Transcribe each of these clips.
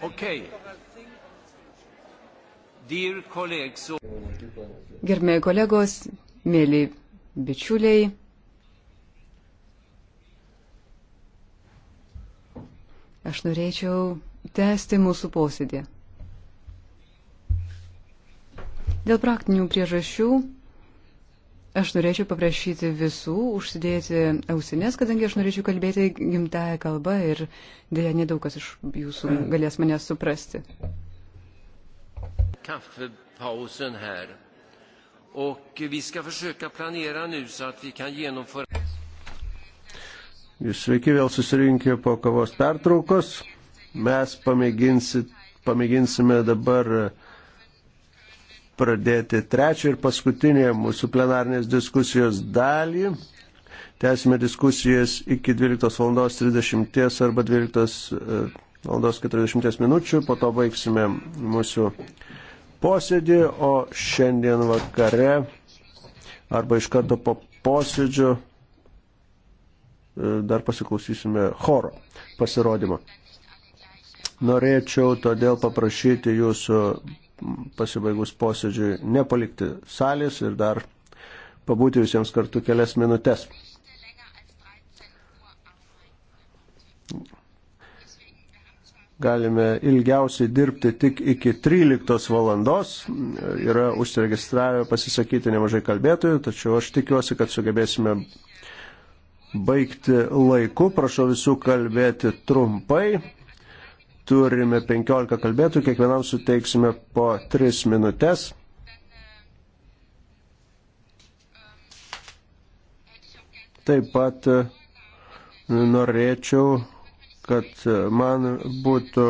Okay. So... Gerbėjai kolegos, mėly bičiuliai. Aš norėčiau tęsti mūsų posėdį. Dėl praktinių priežasčių Aš norėčiau paprašyti visų užsidėti ausinės, kadangi aš norėčiau kalbėti gimtają kalbą ir dėja nedaug kas iš jūsų galės mane suprasti. Kaffepausen här. Och vi ska försöka planera nu så att vi kan genomföra. Jūs sveiki vėl susirinkę po kavos pertraukos. Mes pamėginsime dabar pradėti trečią ir paskutinę mūsų plenarnės diskusijos dalį. Tęsime diskusijas iki 12.30 arba 12.40 e, minučių, po to baigsime mūsų posėdį, o šiandien vakare arba iš karto po posėdžio e, dar pasiklausysime choro pasirodymą. Norėčiau todėl paprašyti jūsų pasibaigus posėdžiui nepalikti salės ir dar pabūti visiems kartu kelias minutės. Galime ilgiausiai dirbti tik iki 13 valandos. Yra užsiregistravę pasisakyti nemažai kalbėtojų, tačiau aš tikiuosi, kad sugebėsime baigti laiku. Prašau visų kalbėti trumpai turime 15 kalbėtų, kiekvienam suteiksime po 3 minutės. Taip pat e, norėčiau, kad e, man būtų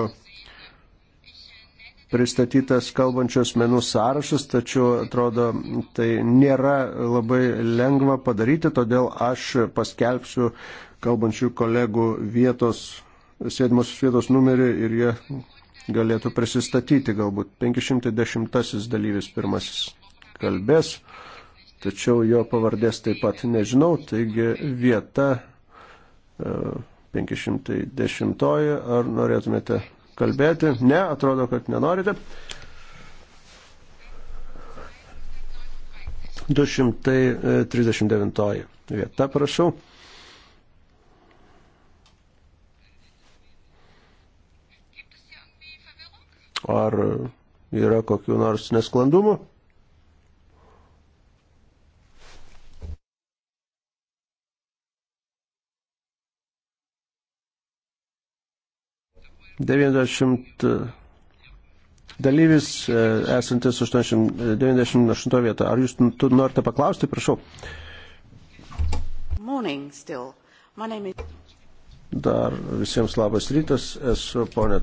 pristatytas kalbančios menų sąrašas, tačiau atrodo, tai nėra labai lengva padaryti, todėl aš paskelbsiu kalbančių kolegų vietos sėdimosios vietos numerį ir jie galėtų prisistatyti galbūt. 510 dalyvis pirmasis kalbės, tačiau jo pavardės taip pat nežinau, taigi vieta 510 e, ar norėtumėte kalbėti? Ne, atrodo, kad nenorite. 239 e, vieta, prašau. Ar yra kokiu nors nesklandumu? Devyniasdešimt dalyvis e, esantis 98 e, vietą. Ar jūs norite paklausti, prašau? Morning still. My name is... Dar visiems labas rytas, esu ponė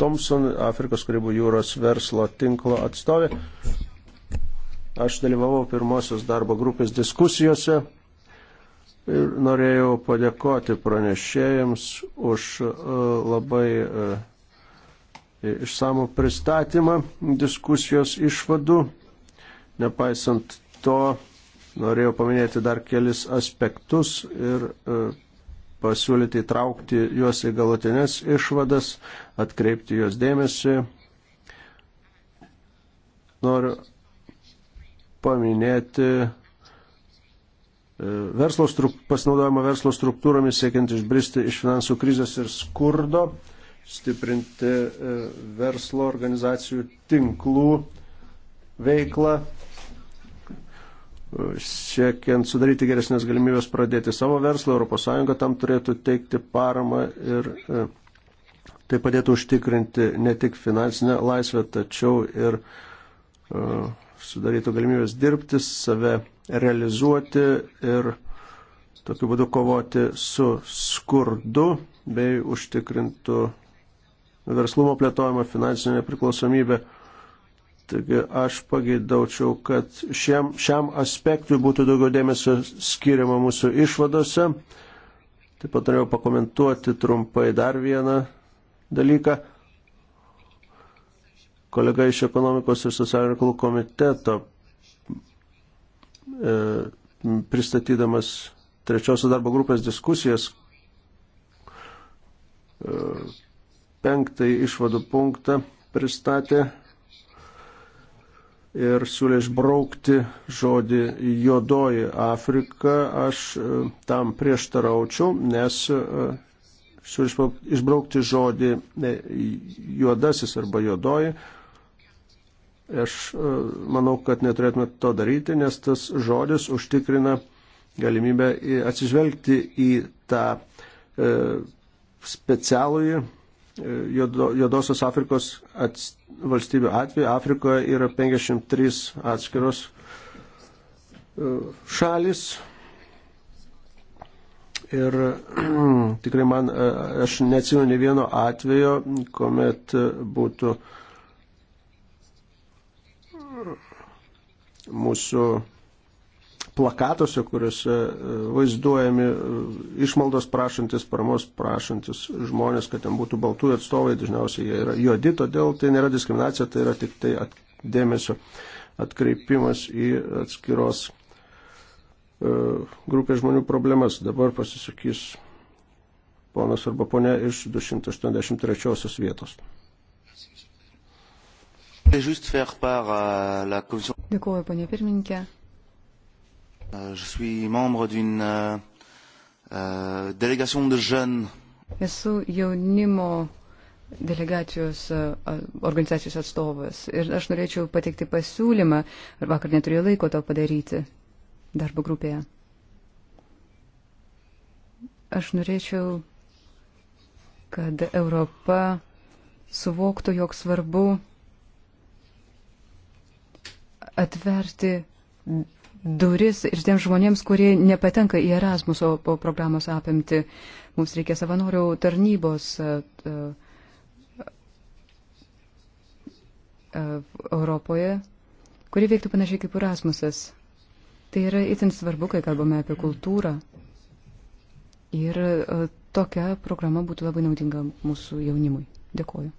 Thompson, Afrikos Karibų jūros verslo tinklo atstovė. Aš dalyvavau pirmosios darbo grupės diskusijose ir norėjau padėkoti pranešėjams už e, labai e, išsamų pristatymą diskusijos išvadų. Nepaisant to, norėjau paminėti dar kelis aspektus ir e, pasiūlyti įtraukti juos į galutinės išvadas, atkreipti juos dėmesį. Noriu paminėti e, verslo struk, pasinaudojama verslo struktūromis siekiant išbristi iš finansų krizės ir skurdo, stiprinti e, verslo organizacijų tinklų veiklą, siekiant sudaryti geresnės galimybės pradėti savo verslą, ES tam turėtų teikti paramą ir e, tai padėtų užtikrinti ne tik finansinę laisvę, tačiau ir e, sudarytų galimybės dirbti, save realizuoti ir tokiu būdu kovoti su skurdu bei užtikrintų verslumo plėtojimą, finansinę nepriklausomybę. Taigi aš pageidaučiau, kad šiam, šiam aspektui būtų daugiau dėmesio skiriama mūsų išvadose. Taip pat norėjau pakomentuoti trumpai dar vieną dalyką. Kolega iš ekonomikos ir socialinių reikalų komiteto e, pristatydamas trečiosios darbo grupės diskusijas e, penktąjį išvadų punktą pristatė ir siūlė išbraukti žodį juodoji Afrika, aš e, tam prieštaraučiau, nes e, siūlė išbraukti žodį e, juodasis arba juodoji. Aš manau, kad neturėtume to daryti, nes tas žodis užtikrina galimybę atsižvelgti į tą specialųjį Jodosios Afrikos ats, valstybių atveju Afrikoje yra 53 atskiros e, šalis. Ir tikrai man, e, aš neatsimenu ne vieno atvejo, kuomet e, būtų mūsų plakatuose, kuriuose e, vaizduojami e, išmaldos prašantis, paramos prašantis žmonės, kad ten būtų baltųjų atstovai, dažniausiai jie yra juodi, todėl tai nėra diskriminacija, tai yra tik tai at, dėmesio atkreipimas į atskiros uh, grupės žmonių problemas. Dabar pasisakys ponas arba ponia iš 283 vietos. Dėkuoju, ponė pirmininkė. Euh, euh, euh, Esu jaunimo delegacijos uh, organizacijos atstovas ir aš norėčiau pateikti pasiūlymą, ar vakar neturėjau laiko to padaryti darbo grupėje. Aš norėčiau, kad Europa suvoktų, jog svarbu atverti duris ir tiems žmonėms, kurie nepatenka į Erasmuso programos apimti. Mums reikia savanorių tarnybos e, e, Europoje, kuri veiktų panašiai kaip Erasmusas. Tai yra itin svarbu, kai kalbame apie kultūrą. Ir e, tokia programa būtų labai naudinga mūsų jaunimui. Dėkuoju.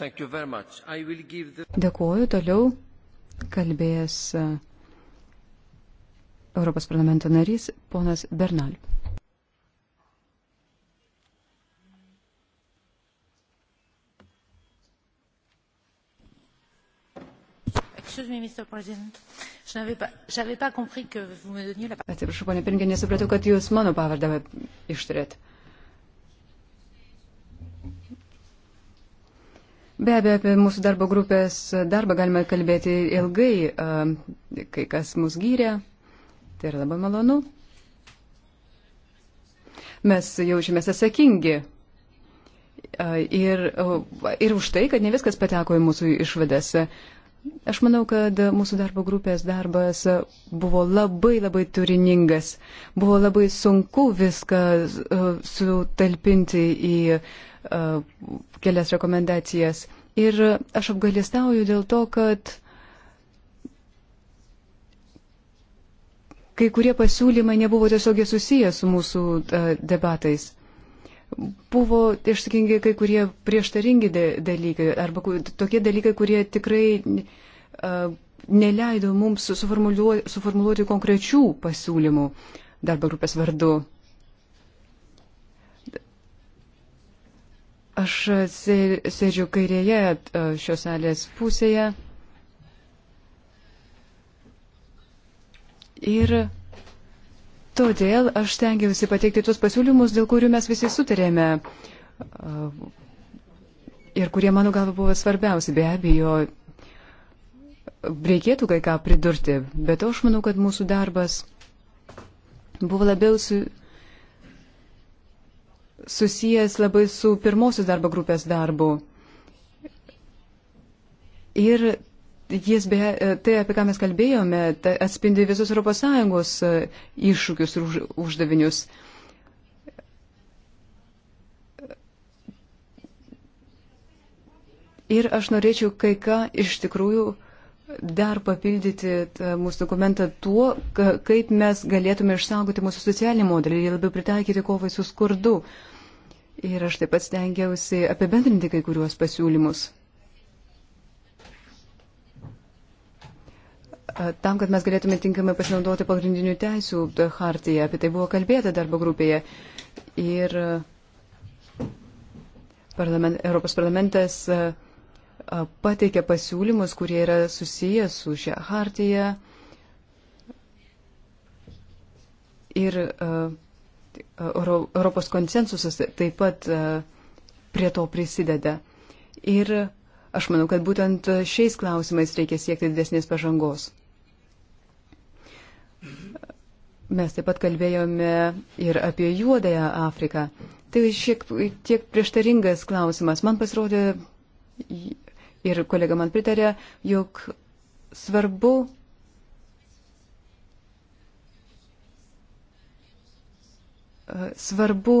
The... Dėkuoju, toliau kalbės uh, Europos parlamento narys ponas Bernal. Atsiprašau, ponė Pirinkė, nesupratau, kad jūs mano pavardę ištarėt. Be abejo, apie mūsų darbo grupės darbą galime kalbėti ilgai, kai kas mus gyrė, Tai yra labai malonu. Mes jaučiamės atsakingi ir, ir už tai, kad ne viskas pateko į mūsų išvadas. Aš manau, kad mūsų darbo grupės darbas buvo labai labai turiningas. Buvo labai sunku viską sutalpinti į kelias rekomendacijas. Ir aš apgalėstauju dėl to, kad kai kurie pasiūlymai nebuvo tiesiogiai susiję su mūsų e, debatais. Buvo išsakingi tai kai kurie prieštaringi dalykai arba tokie dalykai, kurie tikrai e, neleido mums suformuluoti, suformuluoti konkrečių pasiūlymų darbo grupės vardu. Aš sėdžiu kairėje e, šios salės pusėje. Ir todėl aš tengiausi pateikti tuos pasiūlymus, dėl kurių mes visi sutarėme e, ir kurie, mano galva, buvo svarbiausi. Be abejo, reikėtų kai ką pridurti, bet aš manau, kad mūsų darbas buvo labiau su, susijęs labai su pirmosios darbo grupės darbu. Ir jis be, tai, apie ką mes kalbėjome, tai atspindi visus ES e, iššūkius ir už, uždavinius. Ir aš norėčiau kai ką iš tikrųjų dar papildyti e, mūsų dokumentą tuo, kaip mes galėtume išsaugoti mūsų socialinį modelį ir labiau pritaikyti kovai su skurdu. Ir aš taip pat stengiausi apibendrinti kai kuriuos pasiūlymus. E, tam, kad mes galėtume tinkamai pasinaudoti pagrindinių teisų hartiją. Apie tai buvo kalbėta darbo grupėje. Ir e, parlament, Europos parlamentas e, pateikia pasiūlymus, kurie yra susijęs su šią hartiją. Ir Europos konsensusas taip pat prie to prisideda. Ir Aš manau, kad būtent šiais klausimais reikia siekti didesnės pažangos. Mes taip pat kalbėjome ir apie juodąją Afriką. Tai šiek tiek prieštaringas klausimas. Man pasirodė ir kolega man pritarė, jog svarbu svarbu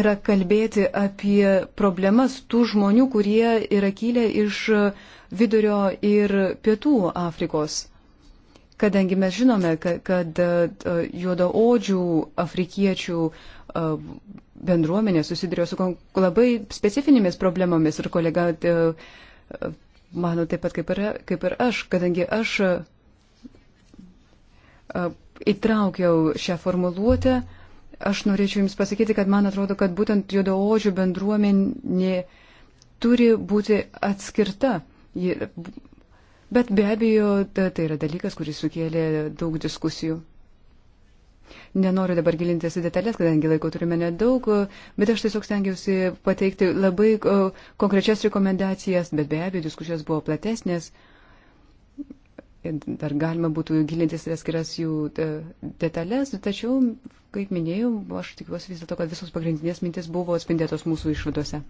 yra kalbėti apie problemas tų žmonių, kurie yra kilę iš vidurio ir pietų Afrikos kadangi mes žinome, kad, kad e, juodaodžių afrikiečių e, bendruomenė susiduria su labai specifinėmis problemomis ir kolega e, mano taip pat kaip ir, kaip ir aš, kadangi aš įtraukiau šią formuluotę, aš norėčiau Jums pasakyti, kad man atrodo, kad būtent juodaodžių bendruomenė turi būti atskirta. Ji, Bet be abejo, tai yra dalykas, kuris sukėlė daug diskusijų. Nenoriu dabar gilintis į detalės, kadangi laiko turime nedaug, bet aš tiesiog stengiausi pateikti labai konkrečias rekomendacijas, bet be abejo diskusijos buvo platesnės. Dar galima būtų gilintis į atskiras jų e, detalės, tačiau, kaip minėjau, aš tikiuosi vis dėlto, kad visos pagrindinės mintis buvo atspindėtos mūsų išvadose.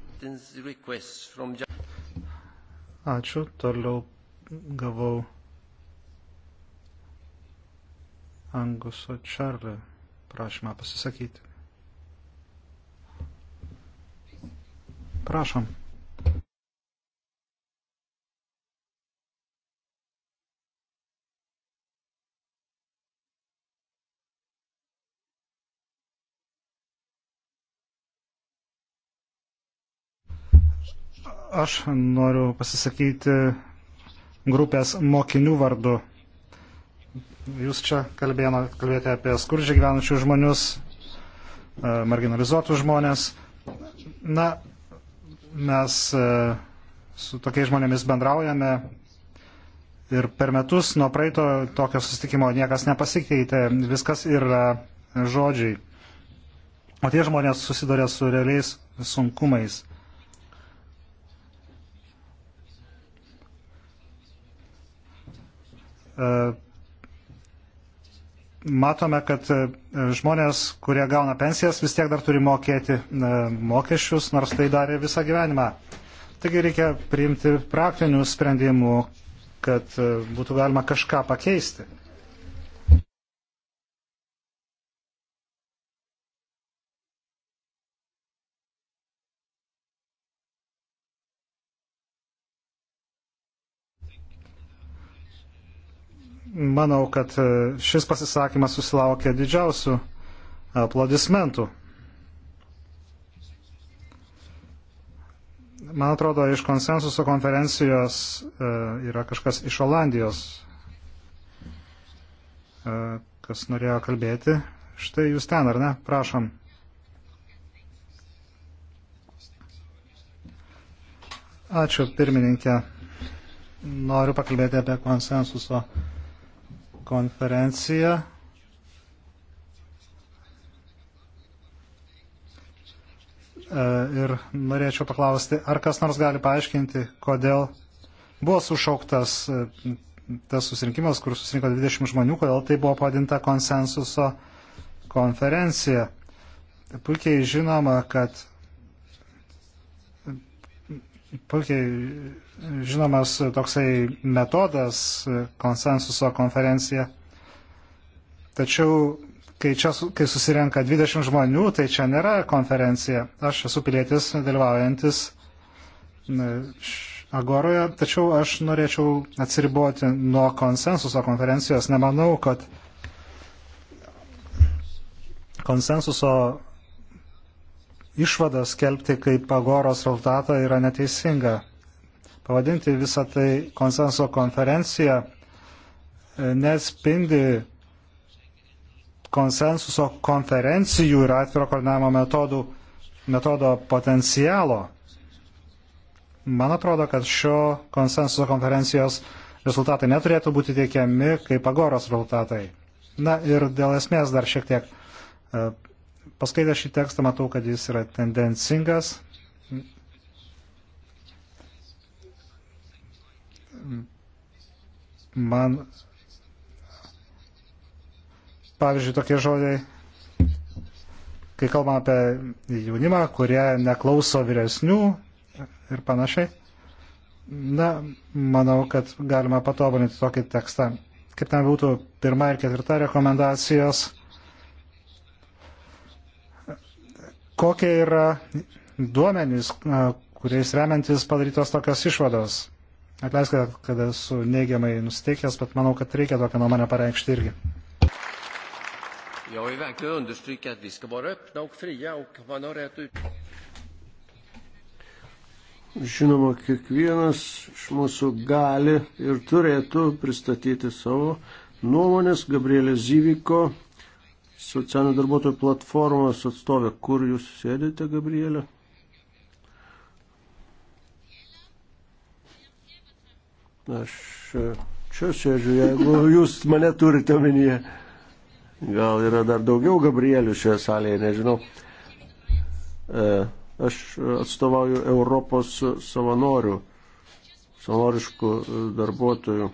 Ačiū. Toliau gavau Anguso Čarlio prašymą pasisakyti. Prašom. Aš noriu pasisakyti grupės mokinių vardu. Jūs čia kalbėjote apie skurdžiai gyvenančių žmonius, e, marginalizuotų žmonės. Na, mes e, su tokiais žmonėmis bendraujame ir per metus nuo praeito tokio susitikimo niekas nepasikeitė, viskas yra žodžiai. O tie žmonės susiduria su realiais sunkumais. E, matome, kad e, žmonės, kurie gauna pensijas, vis tiek dar turi mokėti e, mokesčius, nors tai darė visą gyvenimą. Taigi reikia priimti praktinių sprendimų, kad būtų galima kažką pakeisti. manau, kad e, šis pasisakymas susilaukė didžiausių aplodismentų. Man atrodo, iš konsensuso konferencijos e, yra kažkas iš Olandijos, e, kas norėjo kalbėti. Štai jūs ten, ar ne? Prašom. Ačiū, pirmininkė. Noriu pakalbėti apie konsensuso konferenciją konferencija. E, ir norėčiau paklausti, ar kas nors gali paaiškinti, kodėl buvo sušauktas e, tas susirinkimas, kur susirinko 20 žmonių, kodėl tai buvo padinta konsensuso konferencija. Puikiai žinoma, kad puikiai žinomas toksai metodas konsensuso konferencija. Tačiau, kai, čia, kai susirenka 20 žmonių, tai čia nėra konferencija. Aš esu pilietis dalyvaujantis Agoroje, tačiau aš norėčiau atsiriboti nuo konsensuso konferencijos. Nemanau, kad konsensuso išvadą skelbti kaip agoros rezultatą yra neteisinga. Pavadinti visą tai konsenso konferencija e, nespindi konsensuso konferencijų ir atviro koordinavimo metodų, metodo potencialo. Man atrodo, kad šio konsensuso konferencijos rezultatai neturėtų būti tiekiami kaip agoros rezultatai. Na ir dėl esmės dar šiek tiek e, paskaitę šį tekstą matau, kad jis yra tendencingas. Man, pavyzdžiui, tokie žodžiai, kai kalbam apie jaunimą, kurie neklauso vyresnių ir panašiai. Na, manau, kad galima patobulinti tokį tekstą. Kaip ten būtų, pirma ir ketvirta rekomendacijos kokie yra duomenys, kuriais remiantis padarytos tokios išvados. Atleiskite, kad esu neigiamai nusteikęs, bet manau, kad reikia tokią nuomonę pareikšti irgi. Jag vill verkligen understryka att vi ska vara öppna och fria och man har rätt ut. Žinoma, kiekvienas iš mūsų gali ir turėtų pristatyti savo nuomonės. Gabrielė Zyviko socialinių darbuotojų platformos atstovė. Kur jūs sėdite, Gabrielė? Aš čia sėdžiu, jeigu jūs mane turite omenyje. Gal yra dar daugiau Gabrielių šioje salėje, nežinau. E, aš atstovauju Europos savanorių, savanoriškų darbuotojų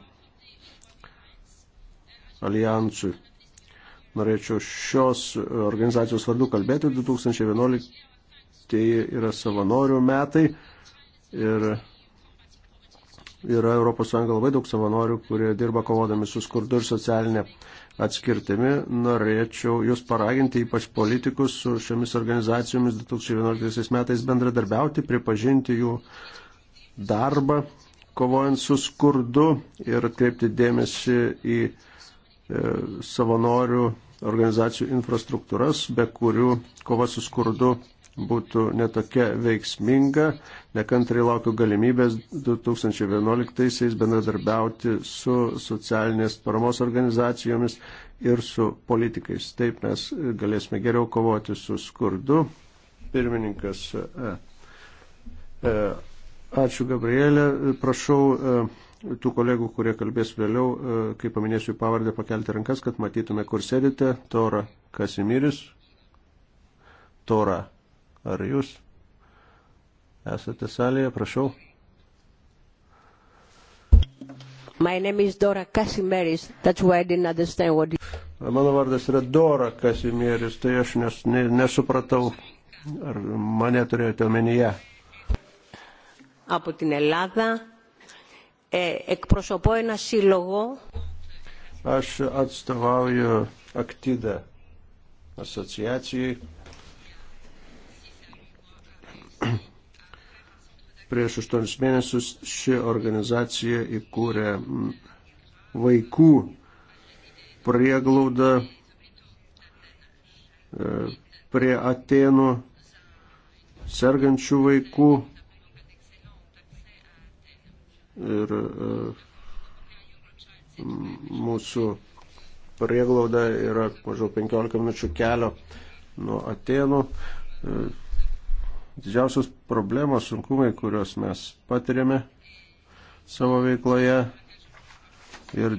alijansui norėčiau šios organizacijos vardu kalbėti. 2011 yra savanorių metai ir yra ES labai daug savanorių, kurie dirba kovodami su skurdu ir socialinė atskirtimi. Norėčiau jūs paraginti, ypač politikus, su šiomis organizacijomis 2011 metais bendradarbiauti, pripažinti jų darbą, kovojant su skurdu ir atkreipti dėmesį į e, savanorių organizacijų infrastruktūras, be kurių kova su skurdu būtų netokia veiksminga. Nekantrai laukiu galimybės 2011-aisiais bendradarbiauti su socialinės paramos organizacijomis ir su politikais. Taip mes galėsime geriau kovoti su skurdu. Pirmininkas, e, e, ačiū Gabrielė, prašau. E, tų kolegų, kurie kalbės vėliau, e, kai paminėsiu pavardę, pakelti rankas, kad matytume, kur sėdite. Tora Kasimiris. Tora, ar jūs esate salėje? Prašau. My name is Dora Kasimeris. That's why I didn't understand what you... Mano vardas yra Dora Kasimeris, tai aš nes, ne, nesupratau, ar mane turėjote omenyje. Από την Ελλάδα, εκπροσωπώ ένα σύλλογο. Aš atstovauju aktyvę asociacijai. Prieš aštuonis mėnesius ši organizacija įkūrė vaikų prieglaudą e, prie Atenų sergančių vaikų ir e, mūsų prieglauda yra mažiau 15 minučių kelio nuo Atenų. E, didžiausios problemos, sunkumai, kuriuos mes patiriame savo veikloje ir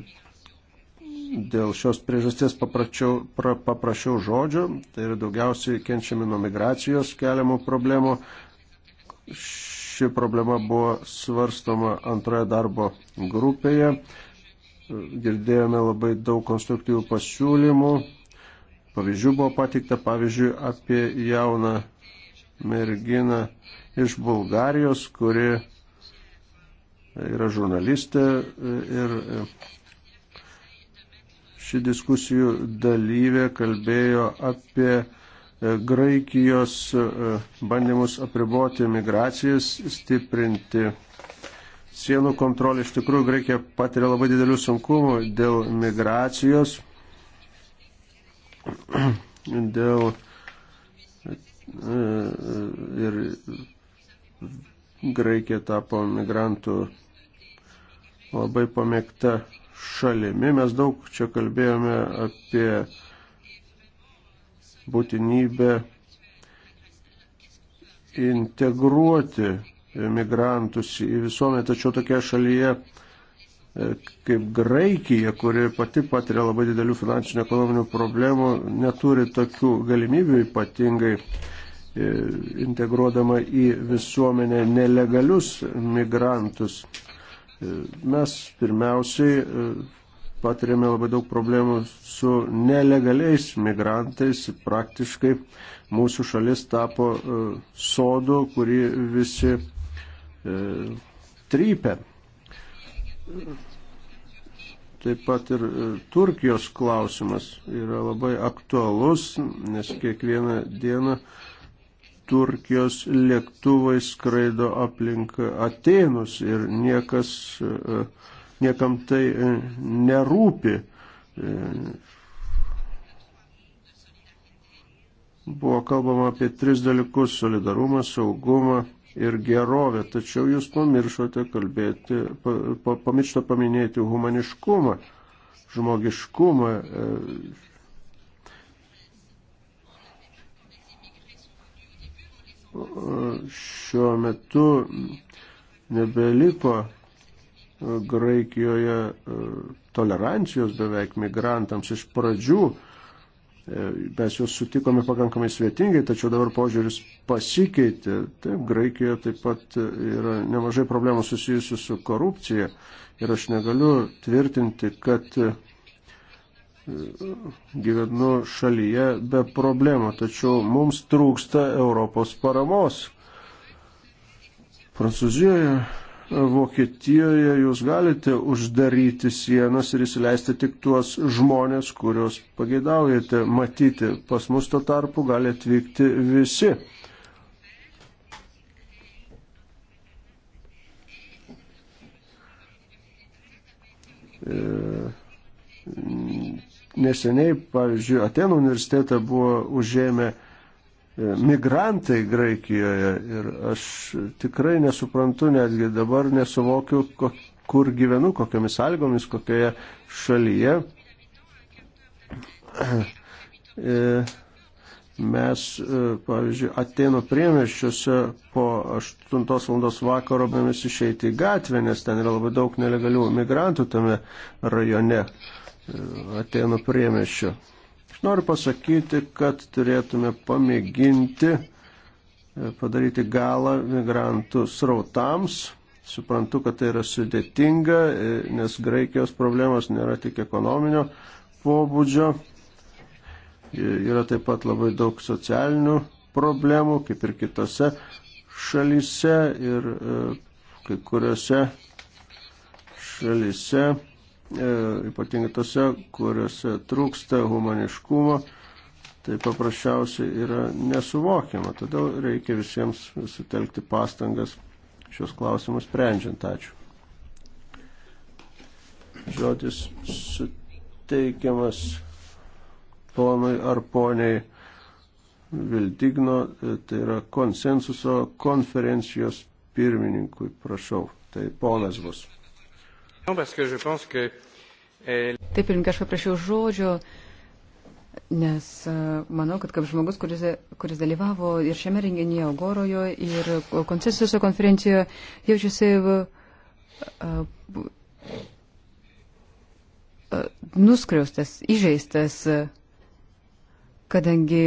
dėl šios priežasties paprašiau, pra, paprašiau žodžio, tai yra daugiausiai kenčiami nuo migracijos keliamų problemų. Ši problema buvo svarstoma antroje darbo grupėje. Girdėjome labai daug konstruktyvių pasiūlymų. Pavyzdžių buvo patikta, pavyzdžiui, apie jauną merginą iš Bulgarijos, kuri yra žurnalistė ir ši diskusijų dalyvė kalbėjo apie Graikijos e, bandymus apriboti migracijas, stiprinti sienų kontrolę. Iš tikrųjų, Graikija patiria labai didelių sunkumų dėl migracijos, dėl e, ir Graikija tapo migrantų labai pamėgta šalimi. Mes daug čia kalbėjome apie būtinybę integruoti migrantus į visuomenę, tačiau tokia šalyje e, kaip Graikija, kuri pati patiria labai didelių finansinių ekonominių problemų, neturi tokių galimybių ypatingai e, integruodama į visuomenę nelegalius migrantus. E, mes pirmiausiai patiriame labai daug problemų su nelegaliais migrantais. Praktiškai mūsų šalis tapo e, sodu, kurį visi e, trypia. Taip pat ir e, Turkijos klausimas yra labai aktualus, nes kiekvieną dieną Turkijos lėktuvai skraido aplink Atenus ir niekas e, niekam tai e, nerūpi. E, buvo kalbama apie tris dalykus - solidarumą, saugumą ir gerovę, tačiau jūs pamiršote kalbėti, pamiršote paminėti humaniškumą, žmogiškumą. E, šiuo metu nebeliko Graikijoje e, tolerancijos beveik migrantams iš pradžių. E, mes juos sutikome pakankamai svetingai, tačiau dabar požiūris pasikeitė. Taip, Graikijoje taip pat e, yra nemažai problemų susijusių su korupcija. Ir aš negaliu tvirtinti, kad gyvenu šalyje be problemų, tačiau mums trūksta Europos paramos. Prancūzijoje Vokietijoje jūs galite uždaryti sienas ir įsileisti tik tuos žmonės, kuriuos pageidaujate matyti. Pas mus to tarpu gali atvykti visi. E, neseniai, pavyzdžiui, Atenų universitetą buvo užėmę E, migrantai Graikijoje ir aš tikrai nesuprantu, netgi dabar nesuvokiu, kur gyvenu, kokiamis sąlygomis, kokioje šalyje. E, mes, e, pavyzdžiui, Atėnų priemeščiuose po 8 val. vakaro bėmės išeiti į gatvę, nes ten yra labai daug nelegalių migrantų tame rajone Atėnų priemeščiuose Noriu pasakyti, kad turėtume pamėginti e, padaryti galą migrantų srautams. Suprantu, kad tai yra sudėtinga, e, nes Graikijos problemos nėra tik ekonominio pobūdžio. E, yra taip pat labai daug socialinių problemų, kaip ir kitose šalyse ir kai kuriuose šalyse E, ypatingai tose, kuriuose trūksta humaniškumo, tai paprasčiausiai yra nesuvokiama. Todėl reikia visiems sutelkti pastangas šios klausimus sprendžiant. Ačiū. Žodis suteikiamas ponui ar poniai Vildigno, tai yra konsensuso konferencijos pirmininkui, prašau. Tai ponas bus. Euh, Taip, ir kažką prašiau žodžio, nes e, manau, kad kaip žmogus, kuris, kuris dalyvavo ir šiame renginyje Ogorojo, ir koncesijose konferencijoje, jaučiasi e, e, nuskriaustas, įžeistas, kadangi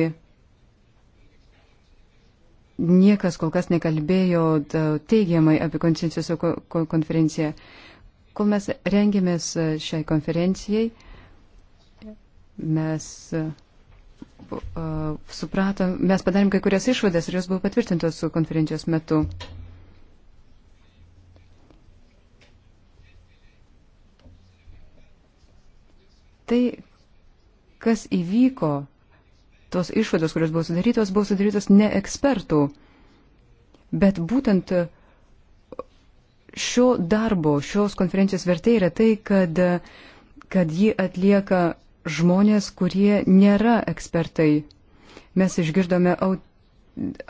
niekas kol kas nekalbėjo teigiamai apie koncesijose konferenciją. Kol mes rengėmės e, šiai konferencijai, mes e, e, supratom, mes padarėm kai kurias išvadas ir jos buvo patvirtintos su konferencijos metu. Tai, kas įvyko, tos išvados, kurios buvo sudarytos, buvo sudarytos ne ekspertų, bet būtent uh, šio darbo, šios konferencijos vertė yra tai, kad, kad ji atlieka žmonės, kurie nėra ekspertai. Mes išgirdome aut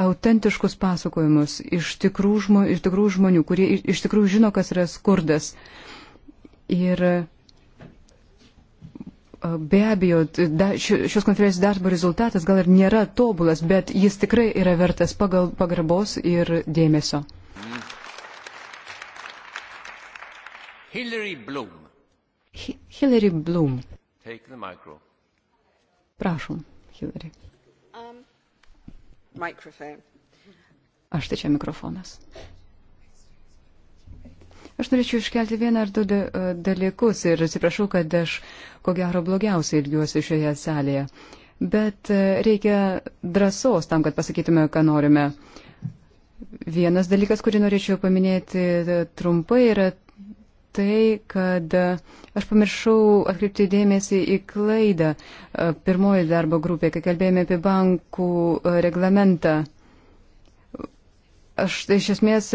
autentiškus pasakojimus iš tikrų, žmo, iš tikrų žmonių, kurie iš tikrųjų žino, kas yra skurdas. Ir be abejo, da, šios konferencijos darbo rezultatas gal ir nėra tobulas, bet jis tikrai yra vertas pagal pagarbos ir dėmesio. Mm. Hillary Bloom. Hi Hillary Bloom. Take the micro. Prašom, Hillary. Um, microphone. Aš tai čia mikrofonas. Aš norėčiau iškelti vieną ar du e, dalykus ir atsiprašau, kad aš ko gero blogiausiai ilgiuosi šioje salėje. Bet e, reikia drąsos tam, kad pasakytume, ką norime. Vienas dalykas, kurį norėčiau paminėti e, trumpai, yra tai, kad e, aš pamiršau atkreipti dėmesį į klaidą e, pirmoji darbo grupė, kai kalbėjome apie bankų e, reglamentą. Aš tai iš esmės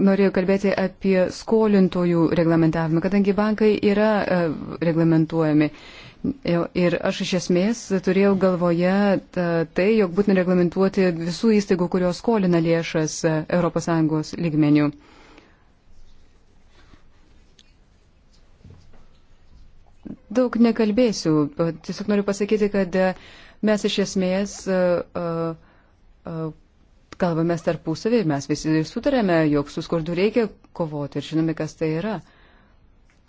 norėjau kalbėti apie skolintojų reglamentavimą, kadangi bankai yra reglamentuojami. Ir aš iš esmės turėjau galvoje tai, jog būtina reglamentuoti visų įstaigų, kurios skolina lėšas ES lygmenių. daug nekalbėsiu, tiesiog noriu pasakyti, kad e, mes iš esmės e, e, kalbame tarpusavį, mes visi sutarėme, jog su skurdu reikia kovoti ir žinome, kas tai yra.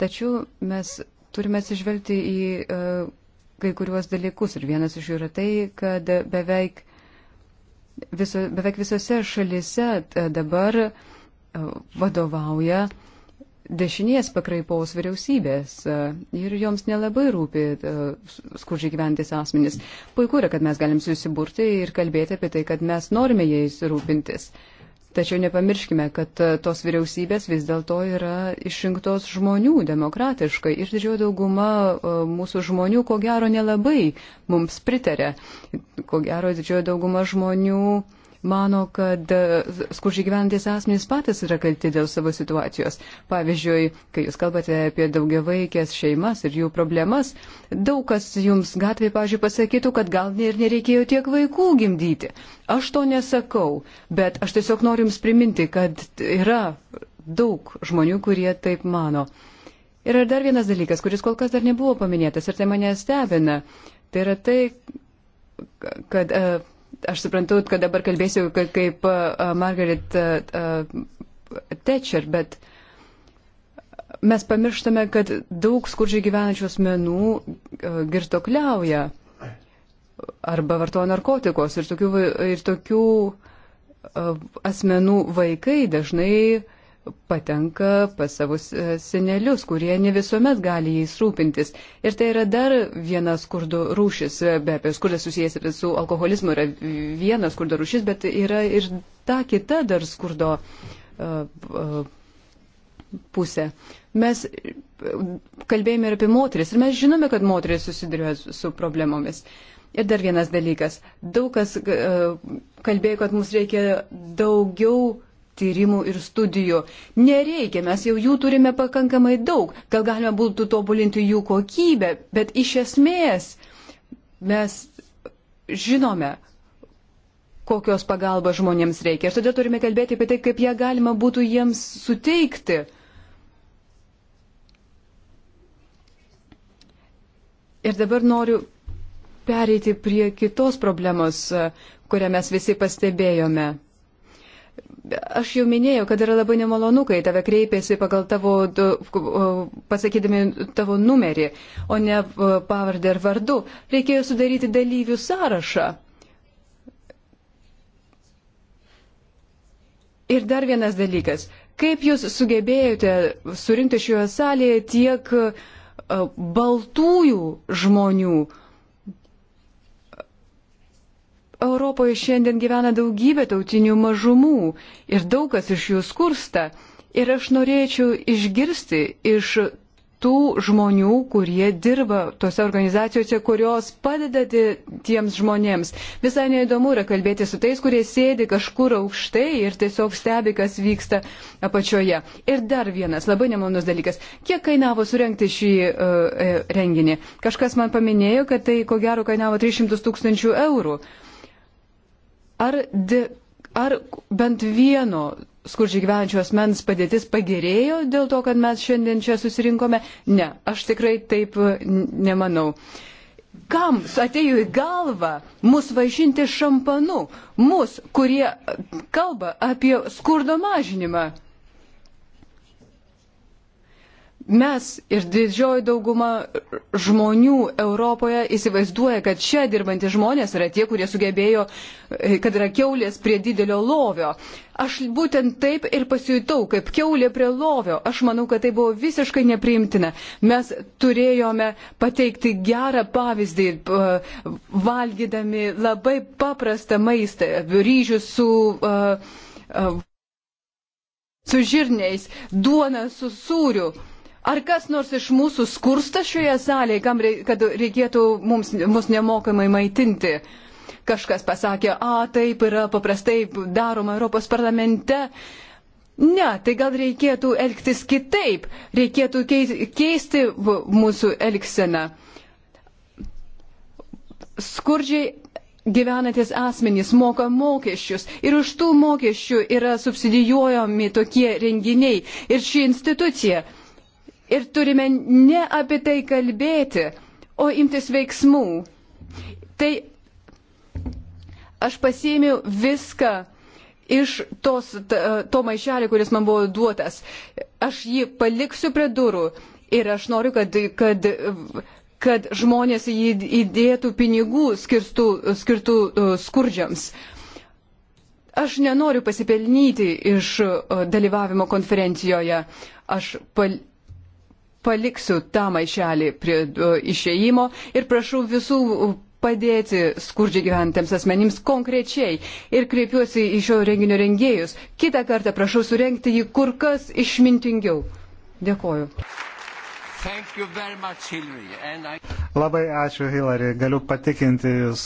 Tačiau mes turime atsižvelgti į kai kuriuos dalykus ir vienas iš jų yra tai, kad beveik, viso, beveik visose šalise dabar vadovauja uh, dešinės pakraipos vyriausybės e, ir joms nelabai rūpi e, skurdžiai gyventis asmenys. Puiku yra, kad mes galim susiburti ir kalbėti apie tai, kad mes norime jais rūpintis. Tačiau nepamirškime, kad e, tos vyriausybės vis dėlto yra išrinktos žmonių demokratiškai ir didžioji dauguma mūsų žmonių ko gero nelabai mums pritarė. Ko gero didžioji dauguma žmonių uh, mano, kad e, skurčiai gyvenantis asmenys patys yra kalti dėl savo situacijos. Pavyzdžiui, kai jūs kalbate apie daugiavaikės šeimas ir jų problemas, daug kas jums gatvėje, pavyzdžiui, pasakytų, kad gal ir nereikėjo tiek vaikų gimdyti. Aš to nesakau, bet aš tiesiog noriu jums priminti, kad yra daug žmonių, kurie taip mano. Ir dar vienas dalykas, kuris kol kas dar nebuvo paminėtas ir tai mane stebina, tai yra tai, kad uh, Aš suprantu, kad dabar kalbėsiu kaip Margaret Thatcher, bet mes pamirštame, kad daug skurdžiai gyvenančių asmenų girstokliauja arba vartoja narkotikos ir tokių, ir tokių asmenų vaikai dažnai uh, patenka pas savo senelius, kurie ne visuomet gali jais rūpintis. Ir tai yra dar viena skurdo rūšis, be abejo, skurdas susijęs ir su alkoholizmu yra viena skurdo rūšis, bet yra ir ta kita dar skurdo pusė. Mes kalbėjome ir apie moteris ir mes žinome, kad moteris susiduria su problemomis. Ir dar vienas dalykas. Daug kas kalbėjo, kad mums reikia daugiau tyrimų ir studijų. Nereikia, mes jau jų turime pakankamai daug, gal galime būtų tobulinti jų kokybę, bet iš esmės mes žinome, kokios pagalbos žmonėms reikia. Ir todėl turime kalbėti apie tai, kaip ją galima būtų jiems suteikti. Ir dabar noriu pereiti prie kitos problemos, kurią mes visi pastebėjome. Aš jau minėjau, kad yra labai nemalonu, kai tave kreipiasi pagal tavo, pasakydami tavo numerį, o ne e, pavardę ar vardu. Reikėjo sudaryti dalyvių sąrašą. Ir dar vienas dalykas. Kaip jūs sugebėjote surinkti šioje salėje tiek e, baltųjų žmonių? Europoje šiandien gyvena daugybė tautinių mažumų ir daug kas iš jų skursta. Ir aš norėčiau išgirsti iš tų žmonių, kurie dirba tose organizacijose, kurios padeda tiems žmonėms. Visai neįdomu yra kalbėti su tais, kurie sėdi kažkur aukštai ir tiesiog stebi, kas vyksta apačioje. Ir dar vienas labai nemalonus dalykas. Kiek kainavo surenkti šį uh, renginį? Kažkas man paminėjo, kad tai ko gero kainavo 300 tūkstančių eurų. Uh, Ar, di, ar bent vieno skurdžiai gyvenančio asmens padėtis pagerėjo dėl to, kad mes šiandien čia susirinkome? Ne, aš tikrai taip e, nemanau. Kam atėjo į galvą mus važinti šampanu, mus, kurie e, kalba apie skurdo mažinimą? Mes ir didžioji dauguma žmonių Europoje įsivaizduoja, kad čia dirbantys žmonės yra tie, kurie sugebėjo, e, kad yra keulės prie didelio lovio. Aš būtent taip ir pasijutau, kaip keulė prie lovio. Aš manau, kad tai buvo visiškai nepriimtina. Mes turėjome pateikti gerą pavyzdį, valgydami labai paprastą maistą, ryžių su. Uh, uh, su žirniais, duona su sūriu. Ar kas nors iš mūsų skursta šioje salėje, kam re, kad reikėtų mums, mus nemokamai maitinti? Kažkas pasakė, a, taip yra paprastai daroma Europos parlamente. Ne, tai gal reikėtų elgtis kitaip, reikėtų keisti mūsų elgseną. Skurdžiai gyvenantis asmenys moka mokesčius ir už tų mokesčių yra subsidijuojami tokie renginiai ir ši institucija ir turime ne apie tai kalbėti, o imtis veiksmų. Tai aš pasėmiau viską iš tos, to maišelio, kuris man buvo duotas. Aš jį paliksiu prie durų ir aš noriu, kad, kad, kad žmonės jį įdėtų pinigų skirtų, skirtų e, skurdžiams. Aš nenoriu pasipelnyti iš e, dalyvavimo konferencijoje. Aš pal paliksiu tą maišelį prie išėjimo ir prašau visų padėti skurdžiai gyventiems asmenims konkrečiai ir kreipiuosi į šio renginio rengėjus. Kitą kartą prašau surenkti jį kur kas išmintingiau. Dėkoju. Much, Hillary. I... Labai ačiū, Hillary. Galiu patikinti Jūs,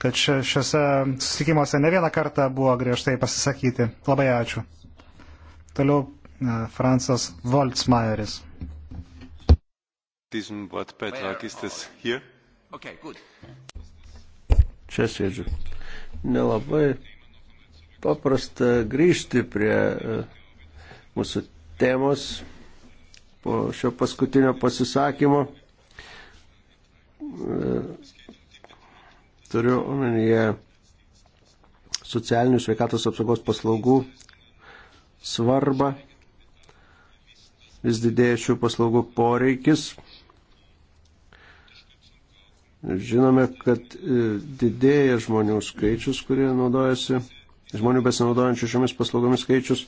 kad šiuose susitikimuose ne vieną kartą buvo griežtai pasisakyti. Labai ačiū. Toliau e, Francas Voltsmajeris. Čia sėdžiu. Nelabai paprasta grįžti prie e, mūsų temos po šio paskutinio pasisakymo. E, turiu omenyje socialinių sveikatos apsaugos paslaugų svarbą, vis didėja šių paslaugų poreikis. Žinome, kad e, didėja žmonių skaičius, kurie naudojasi, žmonių besinaudojančių šiomis paslaugomis skaičius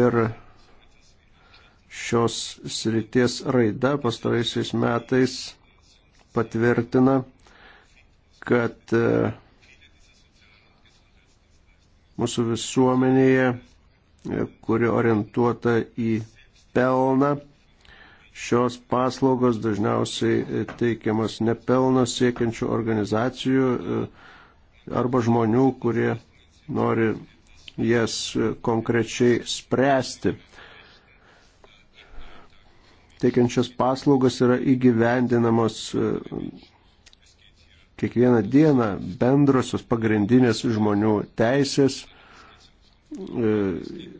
ir šios srities raida pastaraisiais metais patvirtina, kad e, mūsų visuomenėje kuri orientuota į pelną. Šios paslaugos dažniausiai teikiamas ne pelno siekiančių organizacijų e, arba žmonių, kurie nori jas konkrečiai spręsti. Teikiančios paslaugos yra įgyvendinamos e, kiekvieną dieną bendrosios pagrindinės žmonių teisės E,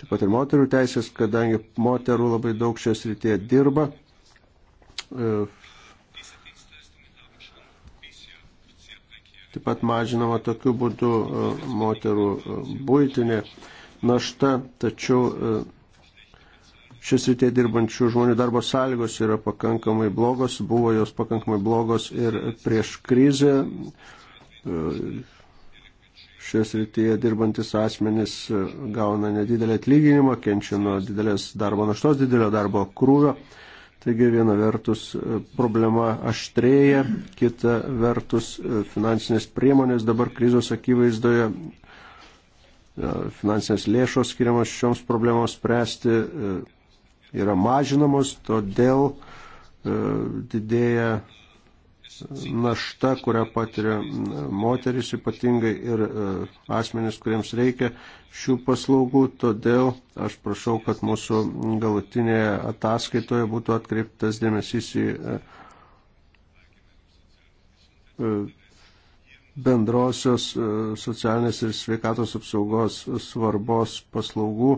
taip pat ir moterų teisės, kadangi moterų labai daug šios rytėje dirba. E, taip pat mažinama tokiu būdu e, moterų būtinė našta, tačiau šis rytė dirbančių žmonių darbo sąlygos yra pakankamai blogos, buvo jos pakankamai blogos ir prieš krizę šioje srityje dirbantis asmenys e, gauna nedidelį atlyginimą, kenčia nuo didelės darbo naštos, didelio darbo krūvio. Taigi viena vertus e, problema aštrėja, kita vertus e, finansinės priemonės dabar krizos akivaizdoje, finansinės lėšos skiriamos šioms problemams spręsti yra mažinamos, todėl didėja našta, kurią patiria moteris ypatingai ir e, asmenys, kuriems reikia šių paslaugų. Todėl aš prašau, kad mūsų galutinėje ataskaitoje būtų atkreiptas dėmesys į e, e, bendrosios socialinės ir sveikatos apsaugos svarbos paslaugų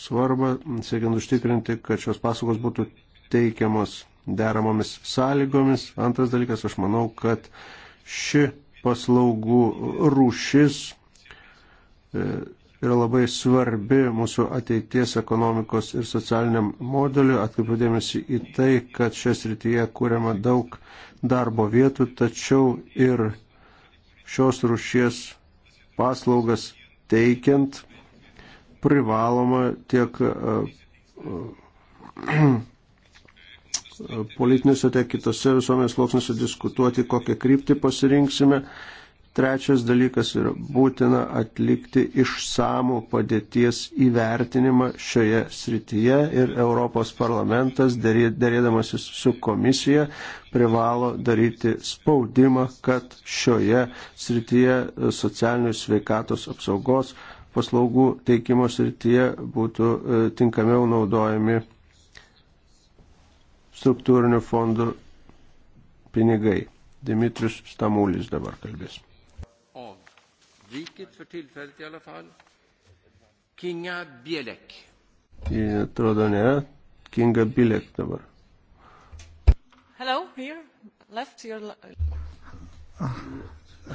svarbą, siekiant užtikrinti, kad šios paslaugos būtų teikiamos deramomis sąlygomis. Antras dalykas, aš manau, kad ši paslaugų rūšis e, yra labai svarbi mūsų ateities ekonomikos ir socialiniam modeliu. Atkreipiu dėmesį į tai, kad šias rytyje kūriama daug darbo vietų, tačiau ir šios rūšies paslaugas teikiant privaloma tiek e, e, politinėse, tiek kitose visuomenės sluoksniuose diskutuoti, kokią kryptį pasirinksime. Trečias dalykas yra būtina atlikti išsamų padėties įvertinimą šioje srityje ir Europos parlamentas, dėrėdamasis su komisija, privalo daryti spaudimą, kad šioje srityje socialinių sveikatos apsaugos paslaugų teikimo srityje būtų e, tinkamiau naudojami struktūrinių fondų pinigai. Dimitrius Stamulis dabar kalbės. Avviket för tillfället i alla fall. Kinga Bielek. Atrodo ne. Kinga Bielek dabar. Hello, here. Left, your...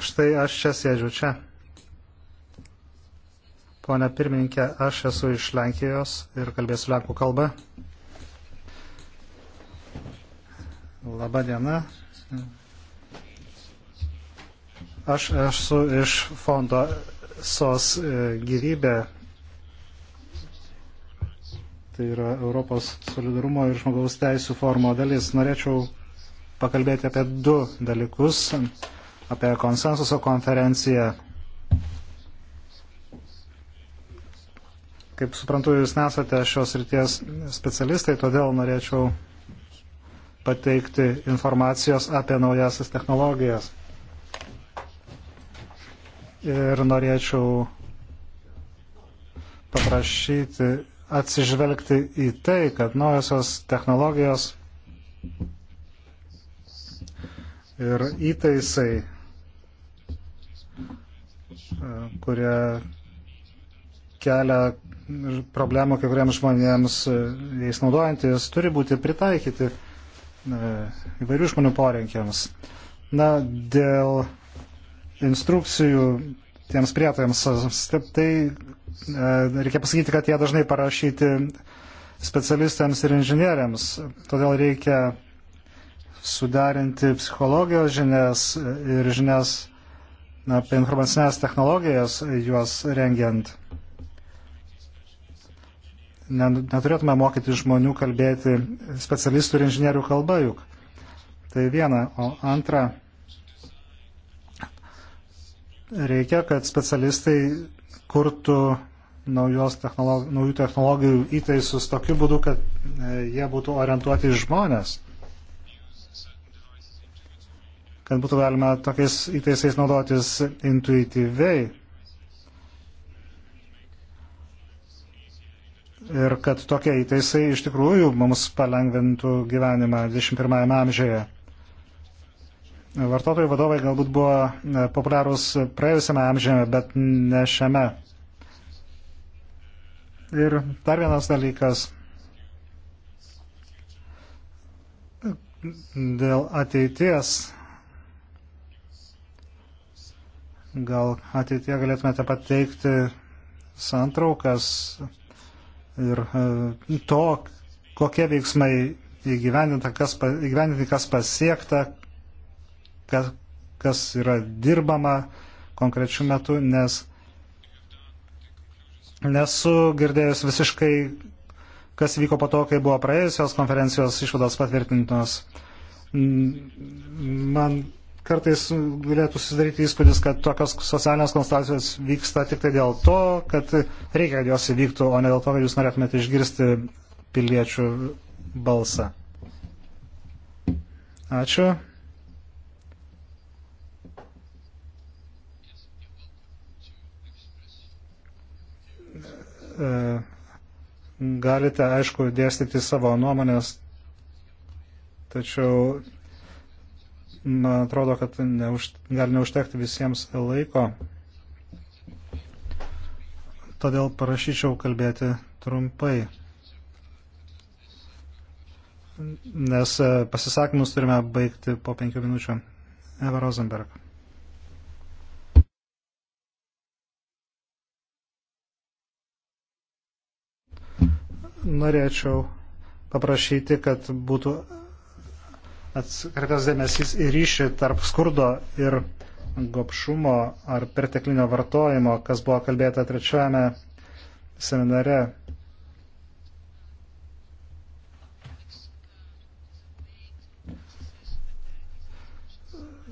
Štai aš čia sėdžiu čia. Pone pirmininkė, aš esu iš Lenkijos ir kalbėsiu Lenkų kalbą. Labą dieną. Aš esu iš fondo SOS e, gyvybė. Tai yra Europos solidarumo ir žmogaus teisų formo dalis. Norėčiau pakalbėti apie du dalykus. Apie konsensuso konferenciją Kaip suprantu, jūs nesate šios ryties specialistai, todėl norėčiau pateikti informacijos apie naujasias technologijas. Ir norėčiau paprašyti atsižvelgti į tai, kad naujosios technologijos ir įtaisai, e, kurie kelia problemų kai kuriems žmonėms e, jais naudojantis, turi būti pritaikyti E, įvairių žmonių poreikiams. Na, dėl instrukcijų tiems prietojams, tai e, reikia pasakyti, kad jie dažnai parašyti specialistams ir inžinieriams. Todėl reikia sudarinti psichologijos žinias ir žinias apie informacinės technologijas juos rengiant neturėtume mokyti žmonių kalbėti specialistų ir inžinierių kalba juk. Tai viena. O antra, reikia, kad specialistai kurtų technologi naujų technologijų įtaisus tokiu būdu, kad e, jie būtų orientuoti į žmonės. Kad būtų galima tokiais įtaisais naudotis intuityviai ir kad tokie įtaisai iš tikrųjų mums palengvintų gyvenimą 21 amžiuje. Vartotojų vadovai galbūt buvo e, populiarūs praėjusiame amžiuje, bet ne šiame. Ir dar vienas dalykas dėl ateities. Gal ateitie galėtumėte pateikti santraukas ir e, to, kokie veiksmai įgyvendinti, kas, įgyvendinti, kas pasiekta, kas, kas yra dirbama konkrečiu metu, nes nesu girdėjus visiškai, kas vyko po to, kai buvo praėjusios konferencijos išvados patvirtintos. Man Kartais galėtų susidaryti įspūdis, kad tokios socialinės konstatacijos vyksta tik tai dėl to, kad reikia, kad jos įvyktų, o ne dėl to, kad jūs norėtumėte išgirsti piliečių balsą. Ačiū. E, galite, aišku, dėstyti savo nuomonės, tačiau man atrodo, kad neuž, gali neužtekti visiems laiko. Todėl parašyčiau kalbėti trumpai. Nes e, pasisakymus turime baigti po penkių minučių. Eva Rosenberg. Norėčiau paprašyti, kad būtų atskartas dėmesys į ryšį tarp skurdo ir gopšumo ar perteklinio vartojimo, kas buvo kalbėta trečiajame seminare.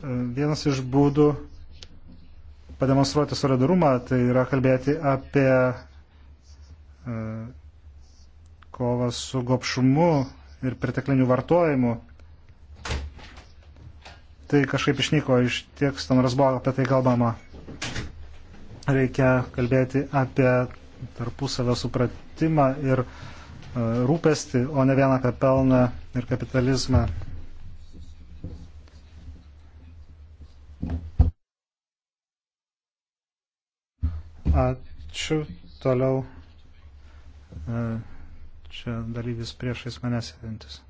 Vienas iš būdų pademonstruoti solidarumą, tai yra kalbėti apie e, kovą su gopšumu ir pertekliniu vartojimu tai kažkaip išnyko iš teksto, nors buvo apie tai kalbama. Reikia kalbėti apie tarpusavio supratimą ir e, rūpestį, o ne vien apie pelną ir kapitalizmą. Ačiū toliau. E, čia dalyvis priešais mane sėdintis.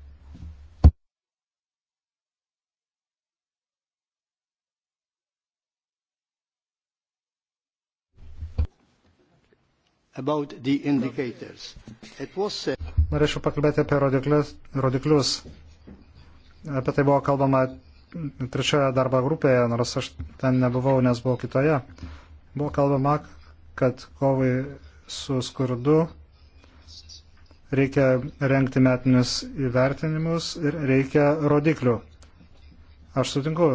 Was... Norėčiau pakalbėti apie rodiklius. Apie tai buvo kalbama trečioje darbo grupėje, nors aš ten nebuvau, nes buvau kitoje. Buvo kalbama, kad kovai su skurdu reikia renkti metinius įvertinimus ir reikia rodiklių. Aš sutinku,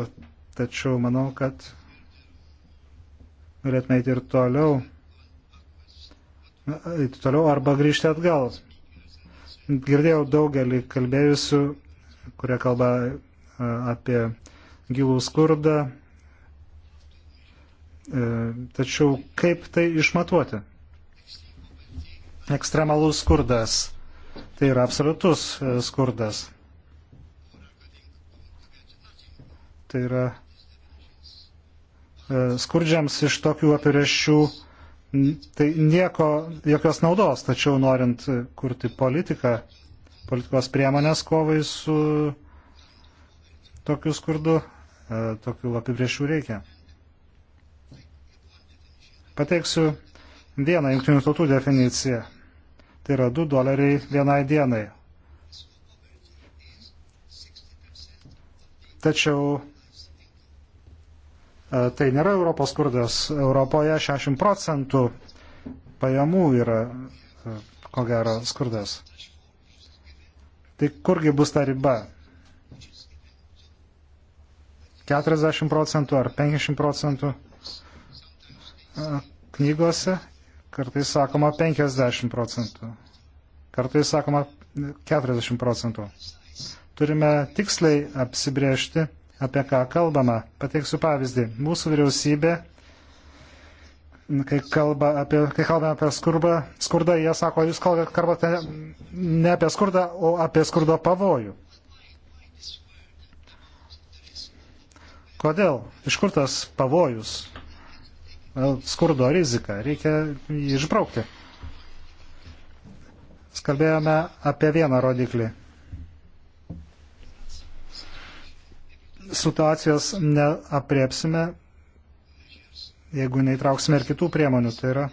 tačiau manau, kad galėtume eiti ir toliau eiti toliau arba grįžti atgal. Girdėjau daugelį kalbėjusių, kurie kalba e, apie gilų skurdą, e, tačiau kaip tai išmatuoti? Ekstremalus skurdas. Tai yra absoliutus e, skurdas. Tai yra skurdžiams iš tokių apirešių tai nieko, jokios naudos, tačiau norint e, kurti politiką, politikos priemonės kovai su tokiu skurdu, e, tokių apibriešių reikia. Pateiksiu vieną jungtinių tautų definiciją. Tai yra 2 doleriai vienai dienai. Tačiau E, tai nėra Europos skurdas. Europoje 60 procentų pajamų yra, e, ko gero, skurdas. Tai kurgi bus ta riba? 40 procentų ar 50 procentų e, knygose, kartais sakoma 50 procentų, kartais sakoma 40 procentų. Turime tiksliai apsibriežti apie ką kalbama. Pateiksiu pavyzdį. Mūsų vyriausybė, kai, kalba apie, kai kalbame apie skurbą, skurdą, jie sako, jūs kalbate ne apie skurdą, o apie skurdo pavojų. Kodėl? Iš kur tas pavojus? Skurdo rizika. Reikia jį išbraukti. Skalbėjome apie vieną rodiklį situacijos neapriepsime, jeigu neįtrauksime ir kitų priemonių. Tai yra,